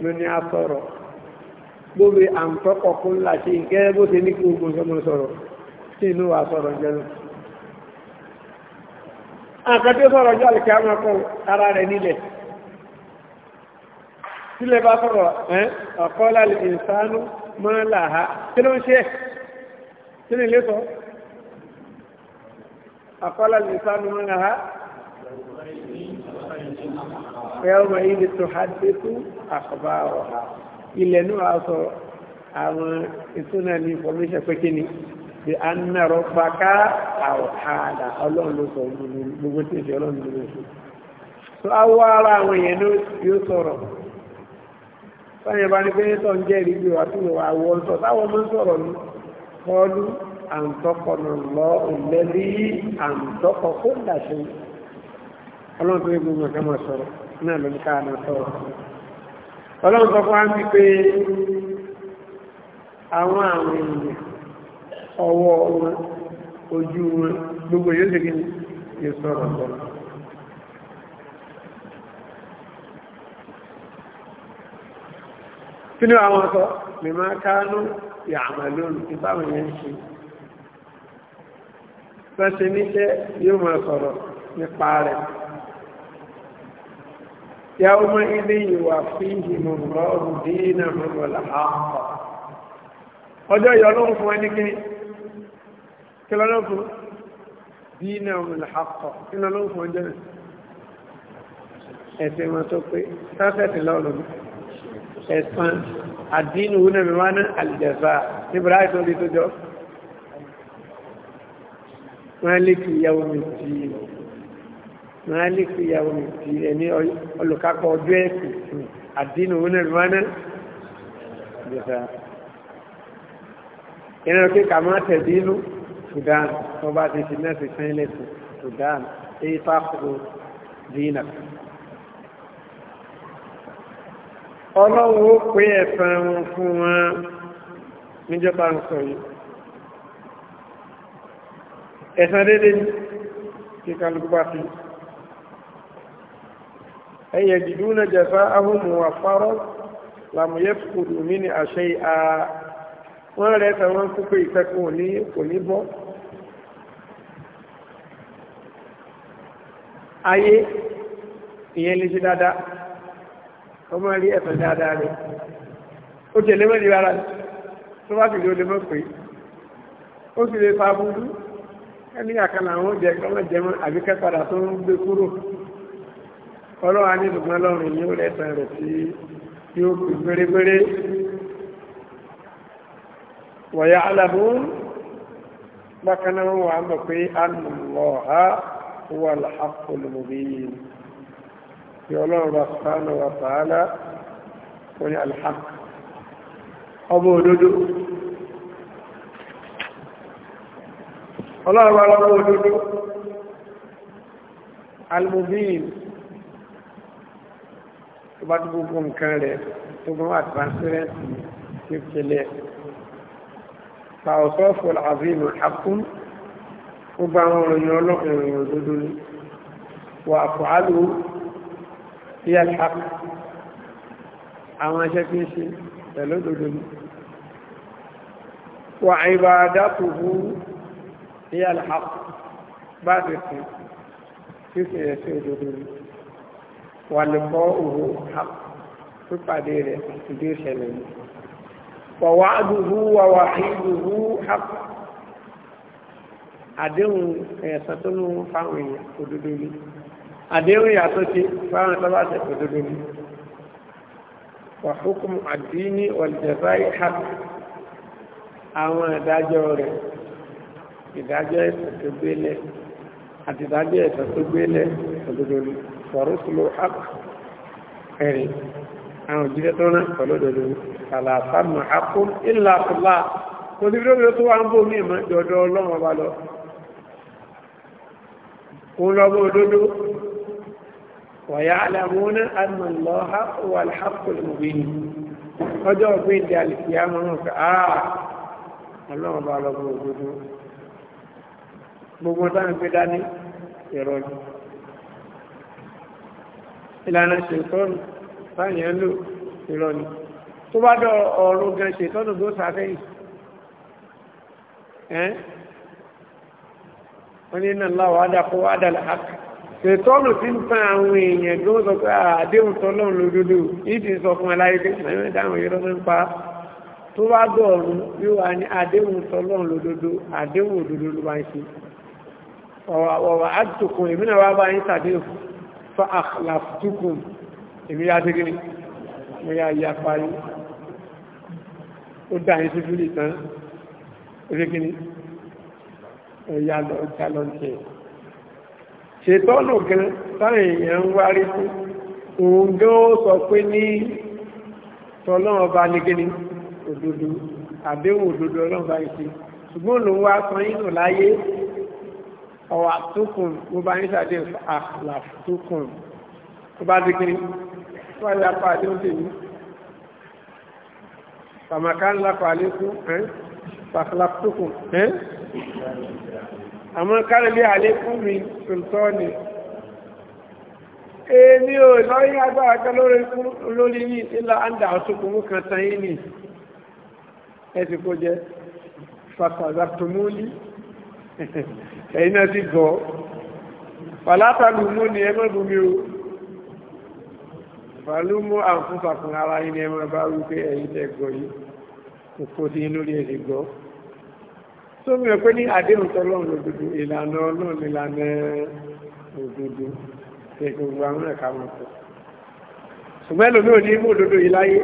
A: ló ní a sọ̀rọ̀ gbogbo àǹfọ́kọ̀kún ńlá ṣe ìkẹ́ bó ṣe ní kí gbogbo sọmọ sọ̀rọ̀ sí inú wa sọ̀rọ̀ jẹun àkàtí ó sọ̀rọ̀ jọ́ àlùkí àwọn ọkọ̀ ara rẹ̀ nílẹ̀ sílẹ̀ bá sọ̀rọ̀ ẹ́ ọ̀kọ́lá ìsánú máa làá kí ló ń ṣe kí ni akhbaraha ilẹ̀ náà a sọ àwọn ìtúnà ní information pé kí ni bí a ń nàrọ̀ pàká àwòhálà ọlọ́run ló gbogbo tí ìṣẹ́ ọlọ́run so awọ ara àwọn èèyàn ló yóò sọ̀rọ̀ sáyẹn bá ní pé tó ń jẹ́ ìrírí wa tó lè wà wọ́ ń sọ táwọn ọmọ ń sọ̀rọ̀ ní kọlu àǹtọ́kọ̀nà lọ òlẹ́bí àǹtọ́kọ̀ kó dàṣe ọlọ́run tó yẹ gbogbo ẹ̀ká máa sọ̀rọ̀ náà ló ní sọ̀rọ̀ ọlọ́run sọ fún àmì pé àwọn àwọn èèyàn ọwọ́ wọn ojú wọn gbogbo yóò ṣe gíní yóò sọ̀rọ̀ sọ̀rọ̀ kí ni àwọn sọ mímọ́ káánú ìyàmà lónìí tí báwọn yẹn ṣe bá ṣe níṣẹ́ yóò máa sọ̀rọ̀ nípa rẹ̀ يومئذ يوفيهم الله دينهم والحق ọjọ́ ìyọlọ́run fún ẹni kí kí lọ́lọ́run fún دينهم الحق kí lọ́lọ́run fún ẹjọ́ ẹ̀sẹ̀ wọn tó pé sáfẹ́tì lọ́lọ́run ẹ̀sán àdínú húnà mìíràn àlìjẹ̀fà níbra ìtò orí tó jọ wọ́n malik yàwó ti ẹni olùkápọ̀ ọjọ́ ẹ̀sìn àdínú wọn ẹ̀rọ mọ́nà ìjọba ìrìn òkè kà máa tẹ̀dínú sudan tó bá ti ti mẹ́sì fún sudan èyí fáfúrú dínà ọlọ́run ó pé ẹ̀fẹ́ wọn fún wọn níjọba ń sọ yìí ẹ̀sán dédé ní kíkàlùkù bá fi أن يجدون جزاءهم موفرا لم يفقدوا منها شيئا wọ́n rẹ̀ tàwọn kúkú ìkẹ́kùn òní kò ní bọ́ ayé ìyẹn lè ṣe dáadáa ọmọ rí ẹ̀fẹ̀ dáadáa rẹ̀ ó jẹ́ lé mẹ́rin rárá tó bá sì lè mọ́ pé ó sì lè fa burú ẹni àkànlá àwọn oúnjẹ kọ́mọ̀ jẹmọ́ àbíkẹ́ padà tó ń gbé kúrò ọlọ́wà ní ṣùgbọ́n lọ́rùn yóò lẹ́sàn rẹ̀ tí yóò pè pérépéré wọ̀yá alábùn bákaná wọn wà mọ̀ pé anàlọ́ha wà láàpọ̀lùmọ̀bí tí ọlọ́run bá sánà lọ́wọ́ òdodo almubin bá tó gbogbo nǹkan rẹ̀ tó gbọ́n wà transparency ní kele fa ọ̀sọ́fọ̀ àbínú akún gbogbo àwọn òròyìn ọlọ́kùnrin òdodo ni wà fàálù yíyá ṣak àwọn iṣẹ́ tí ń ṣe pẹ̀lú òdodo ni wà àìbá dákòókò yíyá ṣak bá ti sìn fífi ẹ̀sìn òdodo ni wà lùkọ́ òwò pípàdé rẹ̀ ìdí ìṣẹ̀lẹ̀ yìí wàwà àdúhù wàwà ìdúhù hàp àdéhùn ẹ̀sán tó lóun fáwọn èèyàn òdodo ni àdéhùn yàtọ̀ sí fáwọn ẹ̀sán òdodo ni wà hukum àdínní wàlùjẹ̀bá hàp àwọn ìdájọ́ rẹ̀ ìdájọ́ ẹ̀sán tó gbélé àti ìdájọ́ ẹ̀sán tó gbélé òdodo ni fọ̀rọ̀sùlù haqq ẹ̀rì àwọn òjíṣẹ́ tó rán pẹ̀lú òdòdó àlàáfàmù haqq illa Allah kò sí fídíò tó wà ń bò mí ìmọ̀ ìjọdọ̀ ọlọ́run ọba lọ kò lọ bó òdòdó ويعلمون أن الله هو الحق المبين ọjọ́ ọ̀gbìn di alìkìyàmọ̀ náà fẹ́ àà ọlọ́run bá lọ gbogbo gbogbo táwọn gbé dání ìrọ̀lú ìlànà ṣètọ́nù báyẹn lò ìrọ̀ ni tó bá dọ̀ ọ̀rọ̀ gan ṣètọ́nù tó sàfẹ́yìn ẹ́ wọ́n ní iná láwọ̀ adàkọ́ adàlá àkà ṣètọ́nù tí ń tan àwọn èèyàn tó sọ pé àdéhùn tọ́lọ́run lódodo ìdí sọ fún aláyé pé mẹ́rin dáhùn yìí lọ́sẹ̀ ń pa tó bá dọ̀ ọ̀run bí wàá ní àdéhùn tọ́lọ́run lódodo àdéhùn òdodo ló bá ń ṣe ọ̀wà àtùkùn ìmínà wá bá yín sàdéhùn fa àkàlàfùtùkùn èmi yá sí gíní mo yá ya parí ó dáyé sí fúlì tán orí gíní ẹ̀yà lọ já lọ jẹ ṣètọ́nù gan táwọn èèyàn ń wárí fún òun gan ó sọ pé ní tọ́lọ́wọ́n ní gíní òdodo àdéhùn òdodo ọlọ́run ọwà tókùn mo bá ní sàdé àlà tókùn mo bá ti kiri wọ́n yà pa àdé ó tèmi kàmàkà ńlá pa àlé kú ẹ́ pàkàlà tókùn ẹ́ àmọ́ kálẹ̀ bí àlé kú mi tòótọ́ ni èmi ò lọ́yìn agbára kan lórí ní ilá àndà ọ̀tọ́kùn mú kan tán yìí ni ẹ ti kó jẹ fàkàlà tòmúlì ẹ̀yìn náà ti gọ́ pàlátàlù mú ni ẹ mọ́bù mi o pàlúmú àǹfúnfàkùn ara yìí ni ẹ máa bá rú pé ẹ̀yìn tẹ́ gọ́ yìí kòkó sí lórí ẹ̀sìn gọ́ tó mi ò pé ní àdéhùn tọ́lọ́run lòdòdó ìlànà ọlọ́run ìlànà òdòdó ṣe gbogbo àwọn ẹ̀ka wọn kọ ṣùgbọ́n ẹlòmí ò ní mú òdòdó yìí láyé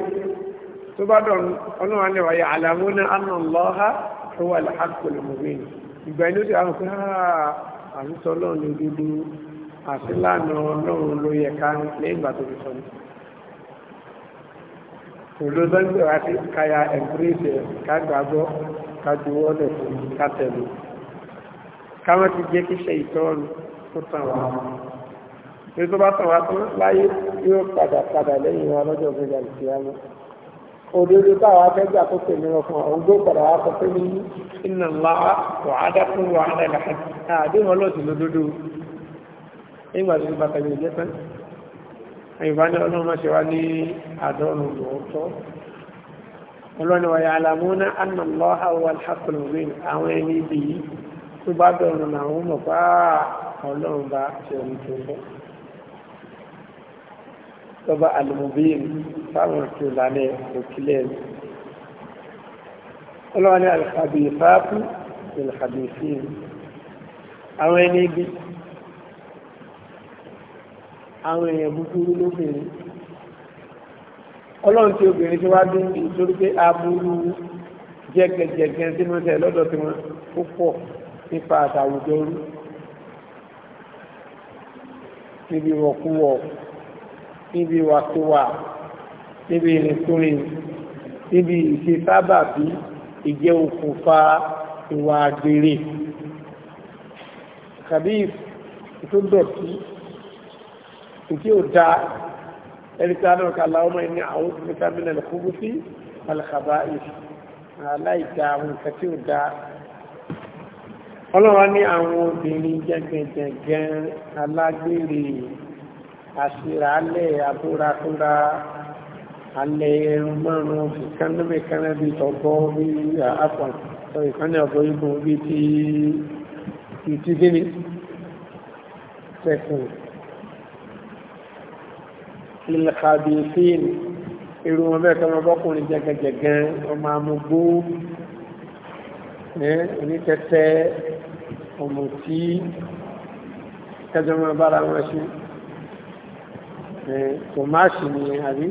A: tó bá dọ̀rùn ọlọ́run á lè wáyé àlàmúná ànà lọ́ha tó wà láhàkùlùmùmí ni ìgbà inú ti àwọn fúnra ah, àrùsọ ọlọ́run ní dúdú àti lánà ọlọ́run ló yẹ ká lẹ́yìn ìgbà tó fi sọ ní òdo sọ́gbẹ̀ wá sí káyà ẹ̀gbírèsì ẹ̀ ká gbàgbọ́ ká juwọ́ lẹ̀ fún ká tẹ̀lé ká wọ́n ti jẹ́ kí ṣe ìtọ́ọ̀nù tó tàn wá ní tó bá tàn wá tó láyé yóò padà padà lẹ́yìn wa gbẹ̀gbẹ̀ àti ìyá náà òdodo táwọn akẹ́gbẹ́ àkókò mìíràn fún àwọn ogbó padà wá sọ pé ní iná ńlá wàhádá fún wàhádá ìlàkà àdéhùn ọlọ́ọ̀sìn lódodo nígbà tó ti bàtà yìí jẹ́ tán àyùbá ní ọlọ́run máa ṣe wá ní àdọ́rùn lóòótọ́ ọlọ́ni wàyà alamúná anàlọ́ àwọn alhàkùnrin àwọn ẹni ibi yìí tó bá dọ̀rùn àwọn mọ̀ bá ọlọ́run bá ṣe òun tó fẹ́ lọ́ba alimobin fáwọn tó lálẹ́ òkìlẹ̀ ọlọ́wọ́ ní alìkàbìfáàpù ìlìkàbìfín àwọn ẹni ibi àwọn èèyàn búburú lóbìnrin ọlọ́run tí obìnrin tí wàá dún bíi torí pé aburú jẹgẹjẹgẹ tí wọ́n tẹ̀ lọ́dọ̀ tí wọ́n púpọ̀ nípa àtàwùjọ rú níbi wọ̀kúwọ̀ níbi wàkúwà níbi ìrìnkúrin níbi ìṣe sábàbí ìjẹ́ òkùnfà ìwà àgbèrè tàbí tó dọ̀tí ìtí ò da ẹ̀ríkà náà kàlá ọmọ ẹni àwọn òkúta mílẹ̀ lọ́kúrú sí alìkàbá ìṣù àwọn nǹkan tí ò da ọlọ́wọ́ ní àwọn obìnrin jẹ́gẹ̀jẹ̀gẹ́ alágbèrè àṣírà alẹ́ àbúrakúra alẹ́ ẹrùn márùn-ún ìkánnẹ́mẹ́kánnẹ́ bí ọgbọ́ bí àpọ̀ ìkánnẹ́ ọgbọ́ ibò bí ti ìtí gíní tẹ̀kùn ìlàkàbìfíìn irú wọn bẹ́ẹ̀ kọ́mọ bọ́kùnrin jẹgẹjẹgẹ ọmọ amúgbó onítẹ́tẹ́ ọmọ tí kẹjọ máa bára wọn ṣe Eh, tòmáṣì ni àbí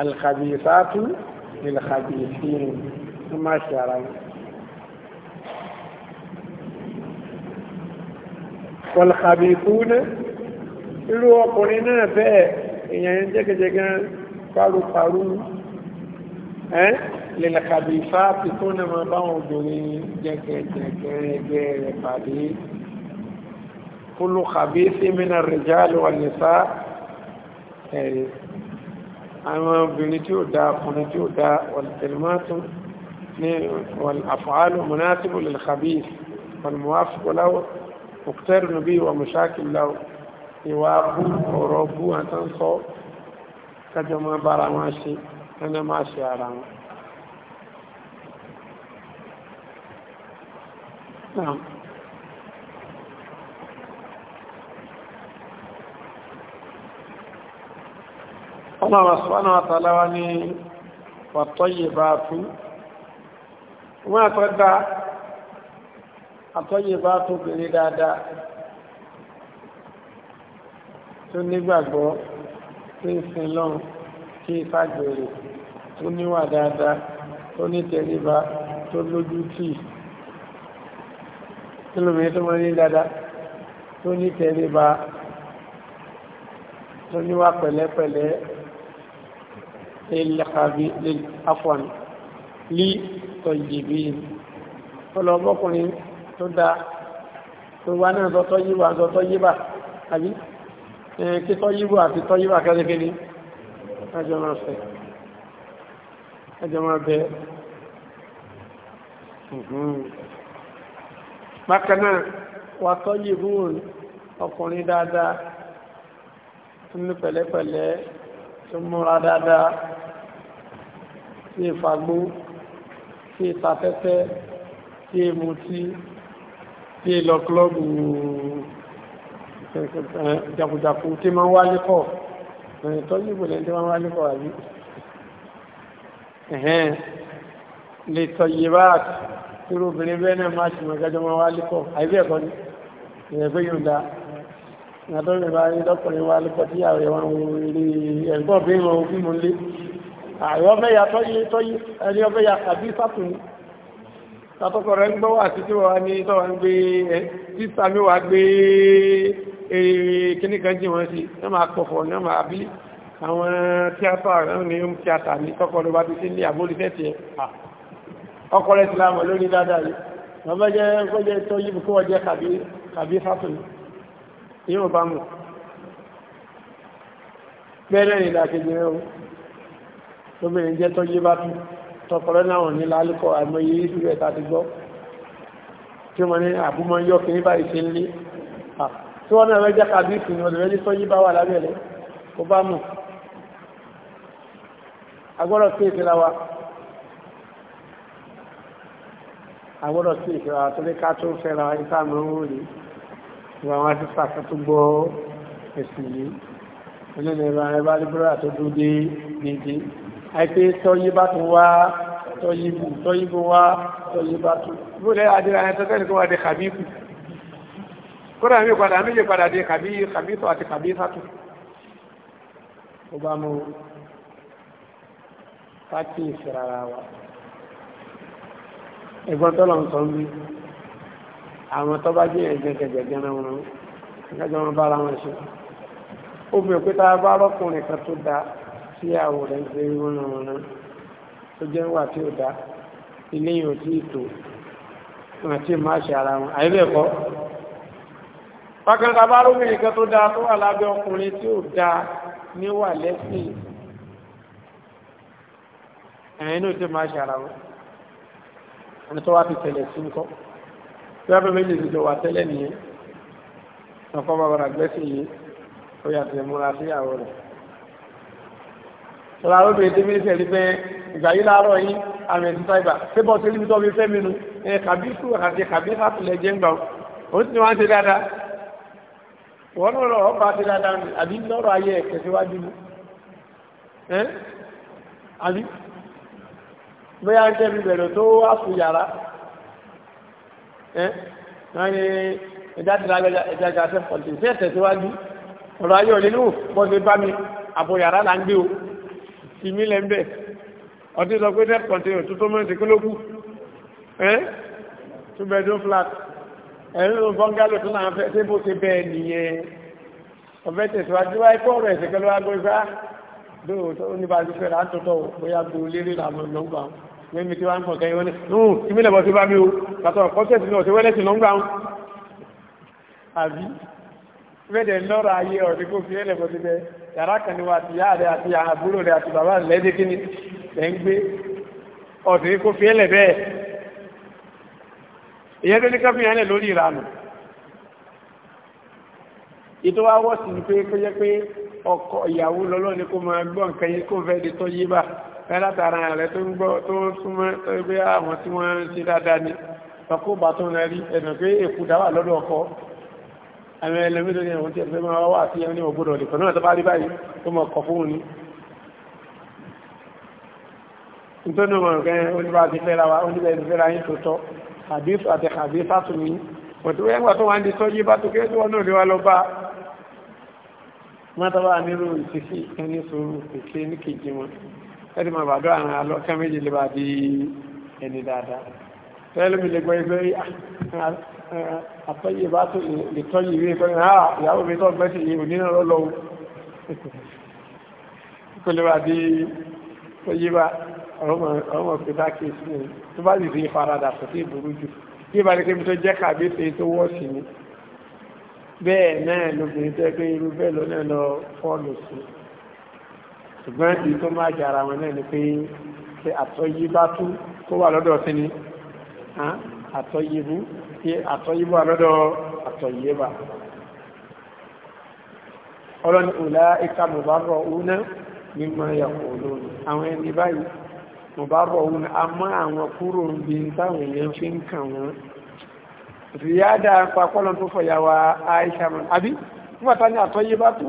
A: alìkàbìsáàtú ìlàkàbìsínú tòmáṣì ara wọn wọlùkàbìsúnú irú ọkùnrin náà bẹ́ẹ̀ èèyàn jẹ́gẹ́jẹ́gẹ́ paru-paru ẹ́ lẹ́lẹ́kàbìfá ti tó náà máa báwọn obìnrin jẹ́gẹ́jẹ́gẹ́ rẹ̀ pàdé kúlù kàbí sí mìíràn rẹ̀ jáàlù wà nìsáà ẹ̀rí àwọn obìnrin tí ó dá ọkùnrin tí ó dá wàlùtẹ̀lùmọ́tò ní àfọ̀hálù mọ̀nátìbò lẹ́lẹ́kàbí wàlùmọ́wáfíkọ́láwọ̀ òkútẹ́rùnú bí wà mọ̀ṣákìláwọ̀ ìwà bú ọ̀rọ̀ bú àtànsọ́ kájọ ọlọ́wọ́ sọ́nà àtàláwà ní pàtọ́yì bá tú wọ́n àtọ́dá àtọ́yì bá tú bèèrè dáadáa tó nígbàgbọ́ tó ìsìn lọ́n kí ìfàgbèrè tó níwà dáadáa tó nítẹríba tó lójú tì kí tó mọ́ ní dáadáa tó nítẹríba tó níwà pẹ̀lẹ́pẹ̀lẹ́ afọ́n lí tọ̀yìbí ọlọ́bọ́kùnrin tó dá tó wá náà tọ́ tọ́yíwà tọ́ tọ́yíwà àbí kí tọ́yíwà àti tọ́yíwà kẹ́lẹ́kẹ́lẹ́ ajọ́mọ́ bẹ́ mhm. bákanáà wà tọ́yìbùn ọkùnrin dáadáa nínú pẹ̀lẹ́pẹ̀lẹ́ tó múra dáadáa tí ìfagbó tí ìtafẹ́fẹ́ tí ìmutí tí ìlọ kílọ́ọ̀bù jàkùjàkù tí máa ń wáyé kọ̀ ẹ̀yìn tó yìí bòlẹ̀ tí máa ń wáyé kọ̀ àbí ẹ̀hẹ́n lè tọ̀ yìí bá tí obìnrin bẹ́ẹ̀ náà máa ṣùgbọ́n gẹ́gẹ́ máa wáyé kọ̀ àbí ẹ̀kọ́ ni ìrẹ̀gbẹ́ yóò dáa àtọ́rẹ̀ bá rí lọ́kùnrin wa lọ́pọ̀ tí àwọn ẹ̀wọ̀n rí ẹ̀gbọ́n bí mo bí mo lé àwọn ọmọ ẹ̀yà tọ́yí tọ́yí ẹni ọmọ ẹ̀yà kàbí sátùn látọ́kọ̀ rẹ̀ ń gbọ́ wà títí wà ní tọ́wà ń gbé ẹ̀ tí sami wà gbé èrè kíní kan jí wọn sí ní máa pọ̀fọ̀ ní máa bí àwọn tíátà rẹ̀ ní ń tíátà ní tọ́kọ̀ ló bá ti sí ní àbólífẹ́ tiẹ̀ ọkọ̀ rẹ̀ ti lámọ̀ lórí dáadáa yìí ọmọ jẹ́ tọ́yí kó wọ́n jẹ́ kàbí sátùn yóò bá mọ̀ bẹ́ẹ̀rẹ̀ ìdàkejì rẹ̀ obìnrin jẹ́ tọ́jú bá tún tọkọrẹ́ náwọn ní lálùkọ́ àmọ́yé ìsúrẹ̀ tàbí gbọ́ tí wọ́n ní àbúmọ́ yọ́ kí ní báyìí ṣe ń lé tí wọ́n náà rẹ́já kàbíìsì ni ọ̀dẹ̀rẹ́ ní tọ́jú bá wà lábẹ́rẹ́ ó bá mọ̀ agbọ́dọ̀ sí ìfira wa agbọ́dọ̀ sí ìfira wa torí ká tó fẹ́ra ìfàmì òun rèé ìwà àwọn asísà kan tó gbọ́ ẹ̀sìn yìí onílẹ̀ ìwà ẹ̀bá libra tó dúró dé dédé àìpé tọ́yí bá tún wá tọ́yí bù tọ́yí bó wá tọ́yí bá tún bó lẹ́ adéra ẹni tọ́tẹ́ nìkan wà dé kàbíkù kódà mi padà mi lè padà dé kàbíkù àti kàbíkù ó bá mú pátí ìfìrara wa ẹ̀gbọ́n tọ́lọ̀ ń sọ ń bí àwọn tó bá jẹ́ ẹ̀gbẹ̀gbẹ̀gbẹ̀ náà wọn ẹgbẹ́jọ wọn bára wọn ṣe obìnrin pé tá a bá rọ́kùnrin kan tó da sí àwọ̀ rẹ̀ ń pè wọ́n náà wọn náà tó jẹ́ wà tí ó da ilé yìí ò tí ì tò wọn àti máa ṣe ara wọn àyẹ́bẹ̀kọ́ bákan tá a bá rọ́kùnrin kan tó da tó wà lábẹ́ ọkùnrin tí ó da níwà lẹ́sìn ẹ̀yìn náà ti máa ṣe ara wọn ẹni tó wá fi tẹ̀lẹ̀ sí nǹkan sábẹ́ méjì ti jọ wa tẹ́lẹ̀ nìyẹn ọkọ bàbàrà gbẹ́sì yìí ó yàtọ̀ ìmúra síyàwó rẹ̀ sọlá lóbìnrin tí mínísẹ̀ rí pé ìgbà yìí láàárọ̀ yìí àmì ẹ̀sìn sáìbà ṣé bọ́ọ̀sì rí tó fi fẹ́ nu ẹ̀ kàbí kú àti kàbí sàtìlẹ̀ jẹ́ ńgbà ó sì wá ń ṣe dáadáa wọ́n lọ́rọ̀ ọba ti dáadáa ni àbí lọ́rọ̀ ayé ẹ̀ tẹ̀síwájú mu ẹ́ àbí bóyá ń tẹ́ mi bẹ̀rẹ̀ tó wá fún yàrá wọ́n ní ìdájọ́ lágbẹ́jà ìdájọ́ àti ọ̀tí sí ẹ̀tẹ̀ síwájú ọ̀rọ̀ ayé òní nù bọ́ sí bá mi àbò yàrá là ń gbé o tì mí lẹ́ ń bẹ̀ ọtí sọ pé tẹ́pù kọ̀ǹtì tó tó mẹ́rin kí ló kù two bedroom flat ẹ̀rín ló bọ́ngálò tó náà fẹ́ ṣé bó ṣe bẹ́ẹ̀ nìyẹn ọ̀fẹ́ tẹ̀síwájú wáyé pọ̀ rẹ̀ ṣèkẹ́lọ́wá gbé gbá lóòótọ́ oníbàájú fẹ́ràn àtọ́tọ̀ bóyá gbó lérí làwọn lọ́gbà wọn mímí tí wá ń pọ̀ kẹ́yìn wọ́n ní ọ̀hún ìmílẹ̀ bọ́ sí bá mi o kàtọ̀ kọ́sẹ̀tì náà ṣe wẹ́lẹ́sì ló ń gbà ń àbí fẹ́dẹ̀ lọ́rọ̀ ayé ọ̀dí kó fi ẹlẹ́bọ̀ ti bẹ yàrá kan ni wa àti ìyá rẹ̀ àti àbúrò rẹ̀ àti bàbá rẹ̀ lẹ́dí kíni lẹ́ ń gbé ọ̀dí kó fi ẹlẹ́ bẹ́ẹ̀ ìyẹn tó ní ká fi hàn lórí ìranù ìtọ́ wa wọ́ sí ni pé kó jẹ́ pé ọkọ ìyàwó lọ́lọ́ ni kó máa gbọ́ nǹkan yẹn kó fẹ́ di tọ́ yé bá látara rẹ̀ tó ń gbọ́ tó ń súnmọ́ tó gbé àwọn tí wọ́n ń ṣe dáadáa ni ọkọ̀ bá tó ń rẹ̀ rí ẹ̀nà pé èkú dáwà lọ́dọ̀ ọkọ àwọn ẹlẹ́mí tó ní àwọn tí ẹ̀fẹ́ máa wá àti ẹni ògbódò lè kọ̀nà tó bá rí báyìí tó mọ̀ kọ̀ fún ni nítorí wọn kẹ́ oníbà ti fẹ́ ra wa oníbà ti fẹ́ ra yín tó tọ́ àbí àti àbí fásùmí pẹ̀tù ẹgbà tó wà ní sọ́jí bá tó kéré tó wọ́n náà lè wá lọ bá mọ́tàbá nírú ìsìsì ẹni sòrò kèké ní kejì wọn ẹni máa bàdọ́ àrùn alọ́ ká méjì lè bá di ẹni dáadáa tẹ́lẹ̀ mi lè gbọ́ ẹgbẹ́ ah, ah, ah, àtọ́yè bá tó lè tọ́yè ìwé ẹgbẹ́ náà ìyàwó mi tó gbẹ́ sí ìyẹn òní náà lọ́wọ́ kó lè bá di tọ́yè bá ọmọ pẹ̀lú àkíyèsí ni tó bá sì fi ìfaradà kò sí ìburú jù bí ìbára kébí tó jẹ́ kàbíyèsí tó wọ́ sí ni bẹ́ẹ̀ náà lóbìnrin tẹ́ pé irú bẹ́ẹ̀ lọ náà lọ fọ́ọ̀lù sí i ṣùgbọ́n èyí tó máa jẹ ara wọn náà ni pé ṣe àtọ́yíbátú tó wà lọ́dọ̀ sí ni àtọ́yíbú ṣe àtọ́yíbú wà lọ́dọ̀ àtọ́yíbá ọlọ́ni òlá ìka mọ̀bárọ̀ òun mímọ̀ ẹ̀yàwó olóòrùn àwọn ẹni báyìí mọ̀bárọ̀ òun a mọ́ àwọn kúrò ń bí táwọn èèyàn fi ń kàn wọ́n ríyádà papọ́lọ́n tó fọ̀yàwó Aisha mọ̀ àbí nígbàtá ní àtọ́yíbátú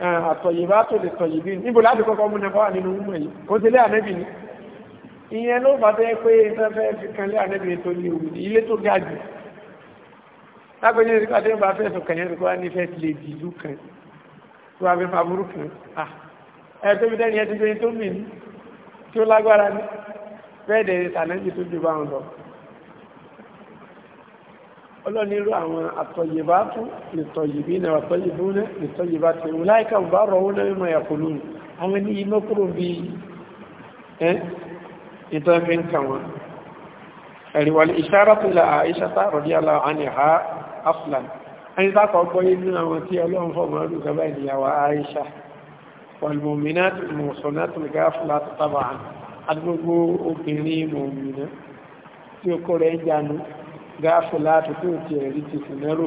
A: àtọ̀yìnbá tó lè tọ̀yìnbí níbo láti kọ́kọ́ mú nẹ́fọ́ nínú mọ̀ yìí kò sí lé ànẹ́bì ni ìyẹn ló fà tẹ́ pé fẹ́fẹ́ fi kan lé ànẹ́bì tó ní òwú ní ilé tó ga jù lágbẹ́jẹ́ ìrìkà tó ń bá fẹ́sùn kàn yẹn tó wá ní fẹ́sì lè dì ìlú kan tó wá fi fa burúkú ẹ tó fi dẹ́ni ẹ ti gbé tó mì ní tó lágbára ní bẹ́ẹ̀ dẹ̀ tànẹ́bì tó ju báwọn lọ ọlọ́nirú àwọn àtọ̀yìnbá tún ìtọ̀yìnbí náà àtọ̀yìnbó náà ìtọ̀yìnbá tí wọ́n láìka ń bá rọ̀wọ́ náà mọ̀ ẹ̀kùnú àwọn ní iná kúrò bí ẹ́ ìtọ́fẹ́ ń kàn wọ́n ẹ̀rìwàlẹ̀ ìṣàràtìlà àìṣàtà rọ̀díàlà àníhà aflan ẹni tákọ̀ gbọ́ inú àwọn tí ọlọ́run fọ́ mọ́ lùkà bá ìyàwó àìṣà gáàfù láti tí ó ti ẹ̀rí ti fi mẹ́rù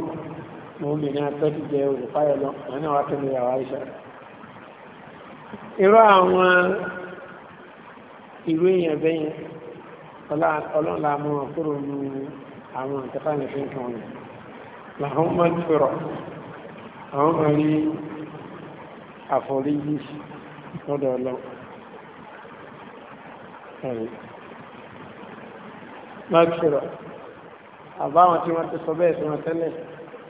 A: mọ́mìnà tó ti jẹ olùpáyọ̀ lọ àwọn àwọn akẹ́lẹ̀ ìyàwó àìṣà irú àwọn ìlú èèyàn bẹ́yẹn ọlọ́ọ̀lá mú wọn kúrò ní àwọn ìtẹ́fàní fi ń kàn wọn làwọn máa ń fẹ̀rọ̀ àwọn máa rí àforíjì lọ́dọ̀ ọlọ́ Máa ń àbáwọn tí wọ́n ti sọ bẹ́ẹ̀ sí wọn tẹ́lẹ̀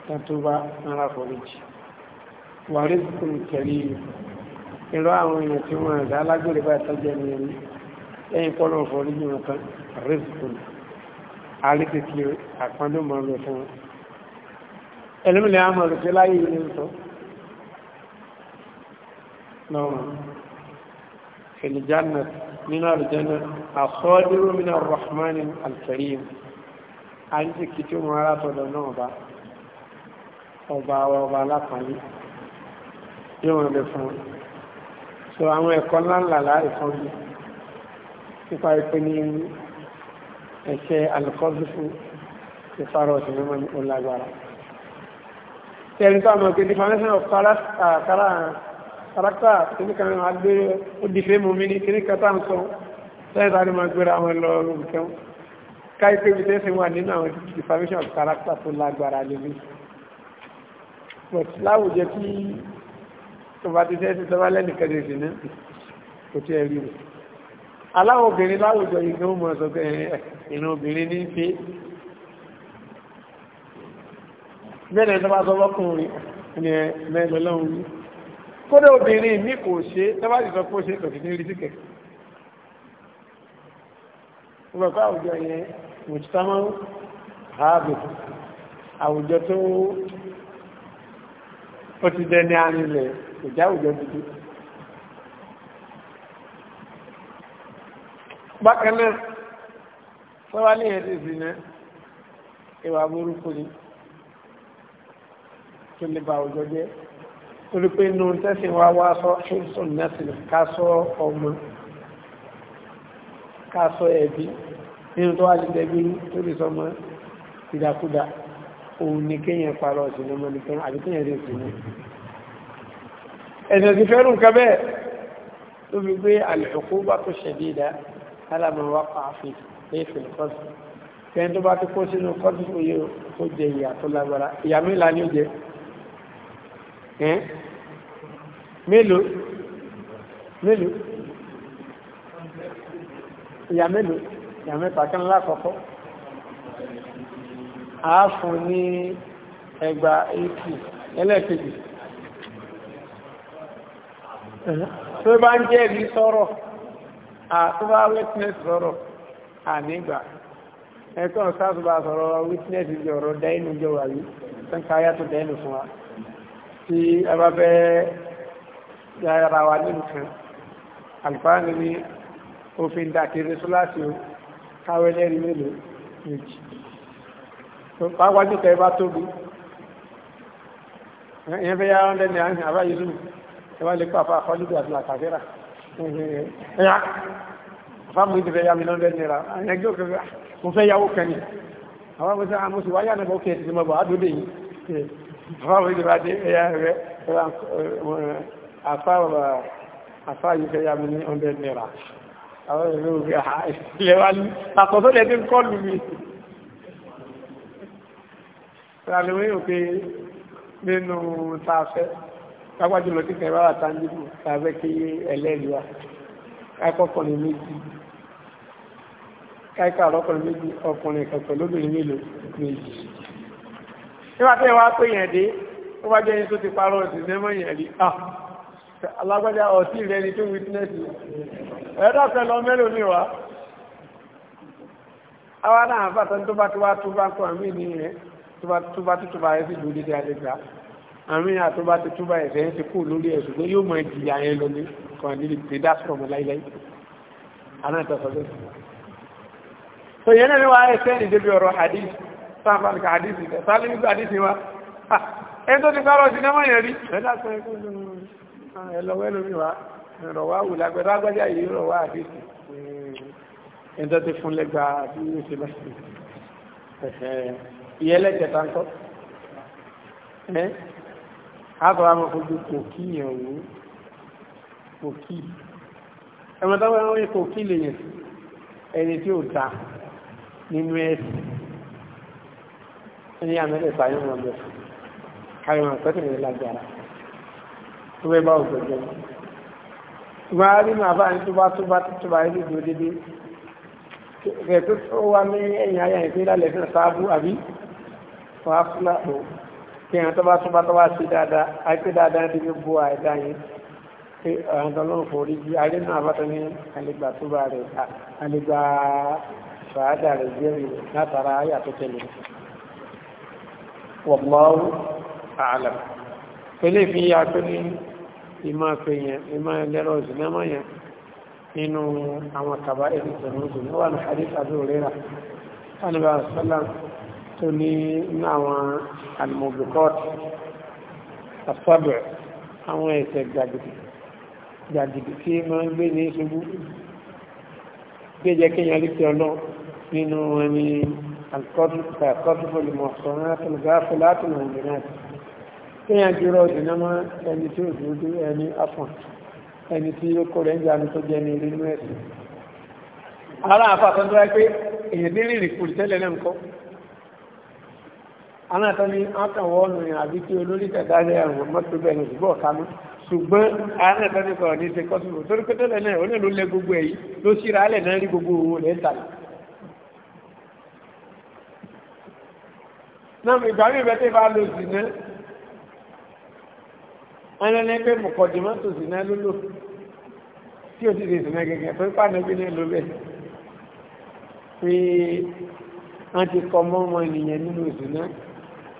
A: tán tó bá ara foríjì wàrí kùn kẹrí irú àwọn èèyàn tí wọ́n àdá alágbèrè bá ìtọ́jú ẹni ẹni lẹ́yìn pọ́lọ̀ foríjì wọn tán rí kùn àríkìkì àpọ́nlé mọ́ fún wọn ẹlẹ́mìnira mọ̀ lọ́kẹ́ láyé ilé ń sọ في الجنة من الجنة أصادر من الرحمن الكريم àríṣìkí tí ó mọ arábọ̀dọ̀ náà bá ọba wa ọba alápàáyé yóò wọn lè fún un so àwọn ẹ̀kọ́ ńláńlá láì fún mi nípa ìpè ní ẹ̀ṣẹ̀ alùkọ́sífù ìfarọ̀ ọ̀sìn mímọ́ ní olágbára tẹ̀lé tó àmọ̀ pé definition of character kìníkà máa gbé ó dìfé mú mi ní kìníkà tá à ń sọ lẹ́yìn tá a lè máa gbéra àwọn ẹlọ́rùn kẹwọn káyipé ibi tẹ́sẹ̀ wà nínú àwọn defamation of character tó lágbára lórí but láwùjọ tí tọba ti tẹ́sẹ̀ tọba lẹ́nìkan lè sì náà kò tí ẹ rí rẹ̀ aláwọ̀ obìnrin láwùjọ ìgbẹ́ ó mọ̀ sọ pé ìran obìnrin ní ṣe bẹ́ẹ̀ tọba sọ lọ́kùnrin ní mẹ́lọ́lọ́run kódà obìnrin ní kò ṣe ìgbàkọ́ àwùjọ yẹn mùsùtámọ́ ààbò àwùjọ tó ó ti dẹni àrinlẹ̀ kò já àwùjọ dúdú bákanáà sọ́wálé yẹn ti zìnà ìwà burúkú ni tó lè ba àwùjọ jẹ́ torí pé inú tẹ́sìn wa wá sọ ṣùgbọ́n náà sì ká ọmọ ká sọ ẹ̀bí nínú tó wá lè dẹ̀bí tó lè sọ mọ́ ìdàkúdà òun ni kéèyàn parọ́ sí lọ́mọ nìkan àbí kéèyàn lè sí ní ẹ̀sẹ̀ ti fẹ́rù nǹkan bẹ́ẹ̀ tó fi gbé àlẹ́kú bá tó ṣẹ̀dí ìdá alámọ̀ wá pàáfì éèfìlì kọ́sì kẹ́ni tó bá tó kó sínú kọ́sì òye ó jẹ ìyà tó lágbára ìyà mélòó ni ó jẹ mélòó mélòó ìyá mélòó ìyá mẹ́ta kí ńlá kọ́kọ́ a fún ní ẹgbà 80 ẹlẹ́ẹ̀kejì
B: tó bá ń jẹ́ ẹ̀rí
A: sọ́rọ̀ tó bá witness sọ́rọ̀ ànígbà ẹ̀kọ́ sáàtùbà sọ̀rọ̀ witness ìjọ ọ̀rọ̀ dẹ́nu jọ wà yìí tó ń káyà tó dẹ́nu fún wa òfin dàkèrè sọ́láṣì o káwé lẹ́rìí mélòó méjì pàápàájú kẹ́ bá tóbi ìyẹn fẹ́ yá ọ́ndẹ́ ní àárín àbá yìí lùmù ẹ bá lè kó àfa àfọ́lùdù àti làkàfẹ́rà ẹ̀yà àfàmù yìí ti fẹ́ yá mi lọ́ndẹ́ nira ẹ̀yà gbé òkè mo fẹ́ yáwó kẹ́ni àwọn ọmọ sọ àmọ́ sì wáyà náà bọ́ọ̀kì ẹ̀tì mọ̀ bọ̀ àdúdé yìí àfàmù yìí ti fẹ́ yá rẹ̀ àfà yìí fẹ́ yá mi ní nira àwọn ìlú ìlẹ̀ wa ní àkọ́sọ́ lẹ́ tí ń kọ́ lù mí ṣàlùwé òkè nínú tààfẹ́ lágbàjú lọ sí kẹrẹ wà tàbíkù tàbẹ́ kí ẹlẹ́rìíwá káìkọ́kùnrin méjì káìkà ọlọ́kùnrin méjì ọkùnrin kẹ̀kẹ́ lóbìnrin mélòó méjì nígbà tí wọ́n á pè yẹn dé ó bá jẹ́ ẹni tó ti parọ́ ọ̀sìn mẹ́mọ́ rí ah alágbájá ọ̀tí rẹ̀ ni tó wítínẹ́sì ẹ̀dá pẹ̀lọ mẹ́lò ní wa àwa náà bàtà tó bá tó bá tó bá kọ́ àmì ní rẹ̀ tó bá tó bá tó bá yẹ sí lórí dé àdégbà àmì àti tó bá tó tó bá ẹ̀sẹ̀ yẹn ti kú lórí ẹ̀ ṣùgbọ́n yóò mọ ìjìyà yẹn lọ ní kàn ní lè dá sọ̀rọ̀ mọ́ láíláí àná ìtọ́sọ bẹ́ẹ̀. tó sí náà yẹn rí ẹ̀dá sọ̀rọ̀ Ah, ẹlọ́wọ́ ẹlòmí wa rọ̀wá wù lágbẹ́ lágbẹ́jà yìí rọ̀wá àdìsí ẹ̀ńtọ́ ti fún lẹ́gbà àti ìṣe lọ́sẹ̀ ìyẹlẹ̀ kẹta ń kọ́ ẹ́ àbọ̀ àmọ́ fojú kò kí yẹn wò kò kí ẹ̀mọ́ tó wọ́n rí kò kí lè yẹn ẹni tí ó dá nínú ẹ̀sìn ẹni àmẹ́lẹ̀ sáyẹn wọn bẹ̀ káyọ̀ wọn pẹ́tẹ̀lẹ̀ lágbára tó bẹ bá ògbò jẹ ṣùgbọ́n a rí màá bá ní tó bá tó bá tó bá rí ìdúró dédé rẹ̀ tó tó wá ní ẹ̀yìn ayé ìpín lálẹ́ fún ṣáàbù àbí wàá fúlà tó kí ẹ̀yìn tó bá tó bá tó bá ṣe dáadáa àìpé dáadáa dédé bó àìdá yẹn pé ọ̀ràn tó lọ́rùn kò rí bí a rí màá bá tó ní àlegbà tó bá rẹ̀ àlegbà fàádà rẹ̀ jẹ́rìí látara ayà tó tẹ̀lé wọ́n mọ́ àlà pẹ̀lẹ́ fi yá ní ìmá pé yẹn ìmá lẹ́rọ ìsìnlẹ́mọ̀ yẹn nínú àwọn kàbá ìrìnsẹ̀lóòsù ní wà ní hadith Abu Hurairah alìbà sallam tó ní ní àwọn almobicot asabu àwọn ẹ̀ṣẹ̀ gbàgìdì tí ma ń gbé ní ìṣubú gbéjẹ́ kéèyàn lè fi ọlọ́ nínú ẹni alkọ́tùfọ̀lì mọ̀sán látìlgáfẹ́ látìlgáfẹ́ kéèyàn dúró ìdènà mọ́ ẹni tí ó dúdú ẹni afọ̀n ẹni tí ó kó rẹ̀ ń jánu tó jẹ́ ní nínú ẹ̀sìn ara àfàtàn tó wáyé pé èyàn nílì ìrìnkù tẹ́lẹ̀ náà ń kọ́ anáta ni àkànwọ́ ọ̀nà ìrìn àbí tí olórí tẹ̀dá rẹ̀ àwọn mọ́tò bẹ́ẹ̀ ní ṣùgbọ́n ọ̀ká mọ́ ṣùgbọ́n anáta ni kọ̀ọ̀ ní ṣe kọ́sùmù torí pé tẹ́lẹ̀ náà onílù lẹ gbogbo èyí ló ṣíra alẹ̀ náà rí gbogbo owó rẹ̀ tà náà ìgbà mi bẹ́tẹ̀ bá lọ sí náà ẹlẹ́ni pé mọ̀kọ̀dìmọ́ tó sì náà lólò tí ó sì lè sìnà gẹ̀gẹ̀ pé pàdébí náà ló bẹ̀ pé wọ́n ti kọ mọ́ ọmọ ènìyàn nínú ìsìnà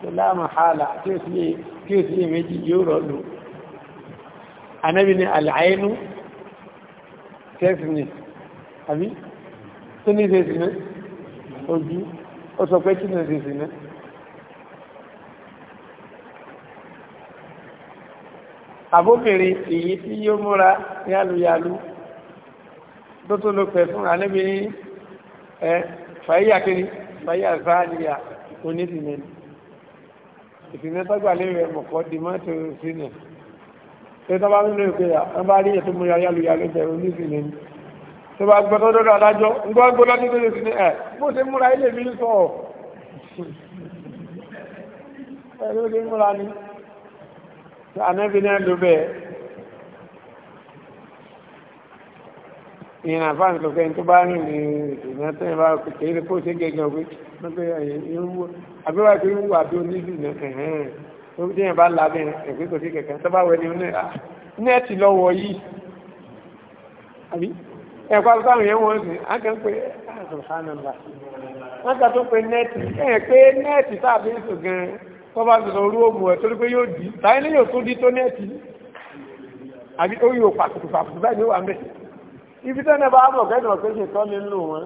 A: tó láàmà hàlà tí ó sì lè méjì yóò rọ̀lù anábì ni àlàáyínú tẹ́sìnì àbí tó ní ìsìnà ojú ó sọ pé kí ní ìsìnà àbóbìnrin èyí tí yóò múra ní alùyàlú tó tó ló pẹ̀ fún àníbi ní ẹ fàíyà kiri fàíyà záàlìyà onídìmẹ̀ ìfìmẹ́ tọ́gbà lérò ẹ̀ mọ̀kọ́ di mọ́tò sínú pé tọ́ bá ń lò pé wọ́n bá rí ètò mú yàrá alùyàlú bẹ̀ onídìmẹ̀ ni tó bá gbọ́dọ̀ dọ́dọ̀ adájọ́ ńgbọ́ gbọ́dọ̀ tó tó sínú ẹ̀ bó ṣe múra ilé mi sọ̀ ẹ̀ ló ṣe múra ni ànábì náà ló bẹ́ẹ̀ ìyẹn àfáàní tó fẹ́ tó bá rìn ní ìdènà tó yẹ bá kìí lè kó ṣe gẹ́gẹ́ òwe lọ́gbẹ́ àbíwá tó ń wà bí onídìí náà ẹ̀hẹ́n tó bí yẹn bá lábẹ́ ẹ̀gbẹ́ kò sí kẹ̀kẹ́ tó bá wẹ̀ ní ọ̀nà ah, nẹ́ẹ̀tì lọ́wọ́ yìí àbí ẹ̀kọ́ àbúkáwọn yẹn wọ́n sìn á kàn pé àtọ̀sánà ah, bá wọ́n kà tó pé nẹ́ẹ̀tì ẹ̀ pé nẹ́ẹ̀tì tàbí ètò gan tó bá ti sọ orú òmù ẹ̀ torí pé yóò dì táyé ní yóò tó dí tó nẹ́ẹ̀tì àbí ó yóò pàtùkù pàtùkù báyìí ló wà ń bẹ̀. ibi tó ní bá mọ̀ kẹ́ni ọ̀pẹ́ ṣe tọ́ ní nù wọn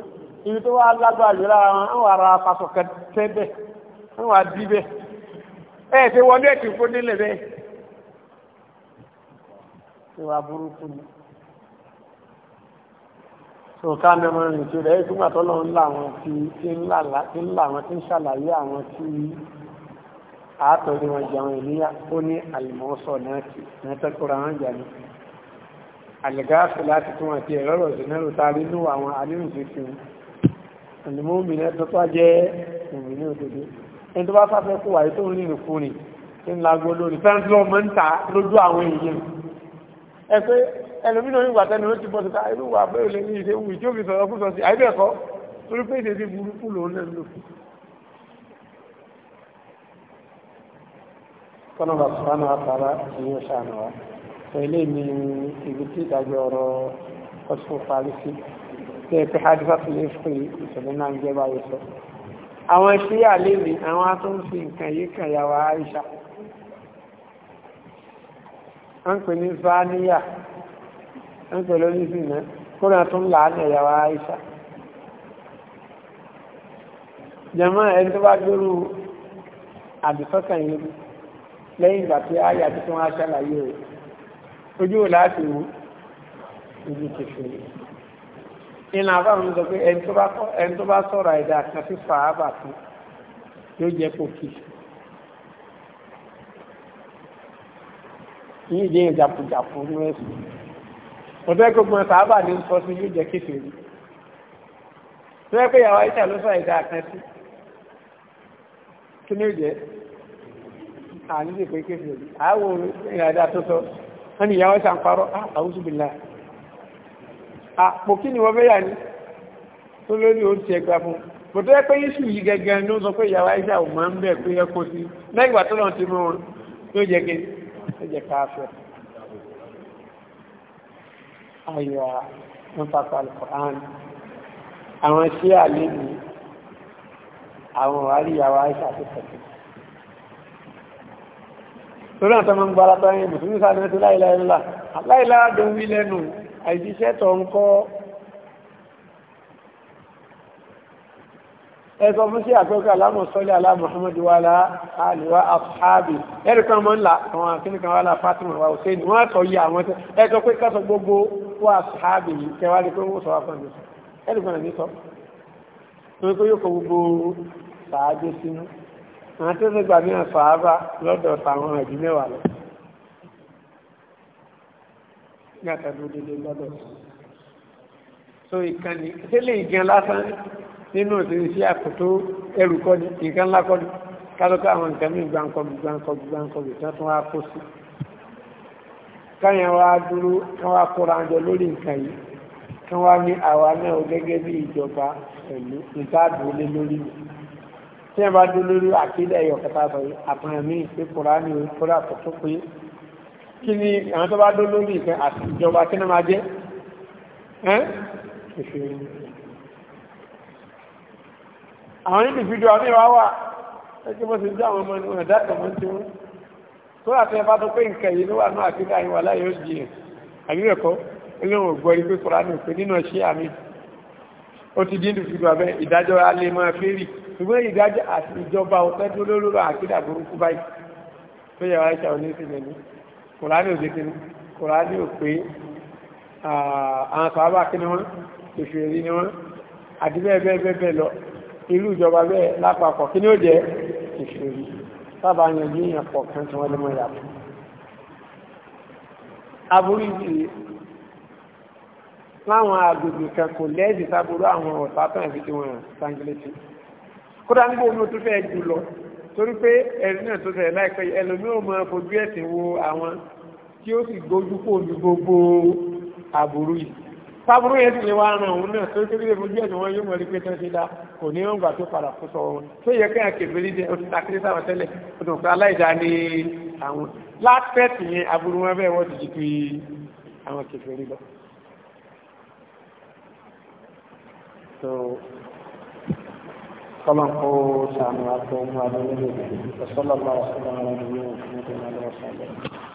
A: ibi tó wá lágbára yìí lára wọn àwọn ará apasọ kẹtẹ bẹ àwọn àdí bẹ ẹ ti wọ nẹ́ẹ̀tì fún nílẹ̀ bẹ́ẹ̀. ìwà burúkú ni nǹkan mẹ́mọ́ rìn tí rẹ̀ é túmọ̀ tọ́lọ́ ńlá àwọn tí ńlá àwọn tí ń ṣàlàyé àwọn tí àtọ̀rí wọn jẹun ìníyà ó ní àlùmọ́sọ̀ náà kì ní tẹ́kọ̀ọ́ àwọn ìjà ní àlùgáàfì láti tún àti ẹ̀rọ̀rọ̀ sí náà ta rí nú àwọn alírùsí fi wọn àlùmọ́mì náà tó tó jẹ́ òmìnir òdodo ẹni tó bá sáfẹ́ kó wáyé tó ń rìn fún ni tí ń lago lórí fẹ́ǹtì lọ́wọ́ mọ́ ń ta lójú àwọn èèyàn ẹ pé ẹlòmínà ìwà tẹnu ó ti bọ́ síta irú wà bẹ́ẹ̀ lè ní ìṣe wù tí ó fi sọ̀rọ̀ fún sọ sí àìbẹ̀kọ́ torí pé ìṣe ti burúkú lòun kọ́nà bá sùpánà àtàrà ìyẹn ṣàánà wa sọ ilé mi ibi tí ìdájọ́ ọ̀rọ̀ ọ̀sùn parí sí tẹ́ pé hajjá tó lè fún ìṣẹ̀lẹ̀ náà jẹ́ báyìí sọ àwọn iṣẹ́ àlèmí àwọn ató ń fi nǹkan yìí kan yà wá Aisha wọ́n pè ní vaniya wọ́n pè lórí ìsìnà kóra tó ń là á nẹ̀yà wá Aisha jẹ́mọ́ ẹni tó bá gbérú àdìsọ́kàn yìí lẹ́yìn ìgbà tí àyà tí wọ́n á ṣàlàyé rẹ̀ ojú ò láti wú ojú kẹfìrí ìlànà àbáwọn sọ pé ẹni tó bá sọ̀rọ̀ ẹ̀dá kan sí fàábà fún yóò jẹ́ kó kì yìí jẹ́ ìjàpùjàpù ní ẹ̀sùn ọ̀dọ́ gbogbo fàábà ní sọ sí yóò jẹ́ kẹfìrí tó yẹ pé ìyàwó àyíṣà ló sọ ẹ̀dá kan sí kí ni ó jẹ́ àní lè pé kéfì òbí àwọn ìrìnàdà tó sọ wọ́n ni ìyàwó sàǹparọ́ àwùsùbìlà ah, àpò kí ni wọ́n fẹ́ yà ní tó lórí ó ti ẹgbà fún kò tó yẹ pé yíṣù yìí gẹ́gẹ́ ló sọ pé ìyàwó àìsà ò máa ń bẹ̀ pé ẹ kó sí lẹ́gbà tó lọ́n ti mú wọn tó jẹ ké tó jẹ káfẹ́ ayọ̀ wọn pàpà àlùkò àánú àwọn ṣé àlejò àwọn àríyàwó àìsà tó pẹ̀lú torí àwọn tọ́mọ ń gbára tó yẹn mùsùlùmí sáà lẹ́tí láìláì ńlá láìláì dùn wí lẹ́nu àìsíṣẹ́ tó ń kọ́ ẹ̀sọ́ fún sí àpẹ́kọ̀ aláàmù sọ́lẹ̀ aláàmùhàmàdì wà láà àlèwà àfáàbì ẹ̀rì kan mọ́ ńlá àwọn akínìkan wà láà Fatima wà Hussein wọ́n sọ yí àwọn tẹ́ ẹ̀sọ́ pé kásọ gbogbo wà àfáàbì yìí kẹwàá ní àwọn tó ti gbà ní àfàábà lọ́dọ̀ tàwọn ẹ̀jú mẹ́wàá lọ ní àtàdúdélé lọ́dọ̀ so ìkànnì ìtẹ́lẹ̀ ìgan lásán nínú òṣìṣẹ́ àkótó ẹrù kọ́ni ìkan ńlá kọ́ni kálọ́kọ́ àwọn nǹkan mí gbáǹkọ́bì gbáǹkọ́bì gbáǹkọ́bì tó tún wá kó sí káyàn wá dúró kán wá kóra jọ lórí nǹkan yìí kán wá ní àwa náà tí wọ́n bá dé lórí àkídà ẹ̀yọ̀ kẹta sọ yìí àtàwọn míì pé kùránì orí kódà tó tó pé kí ni àwọn tó bá dé lórí ìfẹ́ àti ìjọba kí ni máa jẹ́ àwọn individual àmì wa wà ẹgbẹ́ bó ti jẹ́ àwọn ọmọ ní wọn dákọ̀ mọ́ tí wọ́n tó àti ẹbá tó pé nǹkan yìí ló wà náà àti láyé wà láyé ó di ẹ̀ àgbẹ̀kọ́ ilé wọn gbọ́ ipé kùránì pé nínú ṣé àmì ó ti di individual abẹ́ ìdájọ́ alẹ́ mọ́ fẹ́rì ṣùgbọ́n ìdájọ́ àti ìjọba ọ̀pẹ́ tó lórúkọ àkídà burúkú báyìí tó yẹ wáyé ṣàwọn ní ìsinmi kùránì òdìkì ní kùránì òpé àwọn sàábà kí ni wọ́n ìṣòrí ni wọ́n àti bẹ́ẹ̀ bẹ́ẹ̀ bẹ́ẹ̀ lọ ìlú ìjọba bẹ́ẹ̀ lápapọ̀ kí ni ó jẹ́ ìṣòrí sábà yanjú èèyàn pọ̀ kan tí wọ́n lè mọ ìyàtọ̀ aburú ìdí láwọn agbègbè kan kò lẹ́ẹ̀dì sábúrú àwọn ọ̀sátàn àti tí wọ́n sangilẹ́tì kódà ń gbóhùn tó fẹ́ jù lọ torí pé ẹ̀rí náà tó tẹ̀lé láìpẹ́ ẹlòmí ò máa fojú ẹ̀sìn wo àwọn tí ó sì gbójú kò ní gbogbo àbúrú yìí sábúrú yẹn sì lè wá ran òun náà tó tẹ́lẹ̀ fojú ẹ̀sìn wọn yóò mọ̀ rí pé tán ṣe dá kò ní wọn gbà tó padà fún sọ wọn tó yẹ kẹ́hìn kẹfẹ́rí jẹ oṣù takiri sáwọn tẹ́lẹ̀ oṣù nǹkan aláìdá ní àwọn lápẹ́ẹ̀tì yẹn àbúrú wọn bẹ́ẹ̀ wọ́n ti jù àwọn kẹfẹ́rí lọ. طبعا قوة عن وعلى الله وصلى الله وسلم على نبينا محمد وعلى اله وصحبه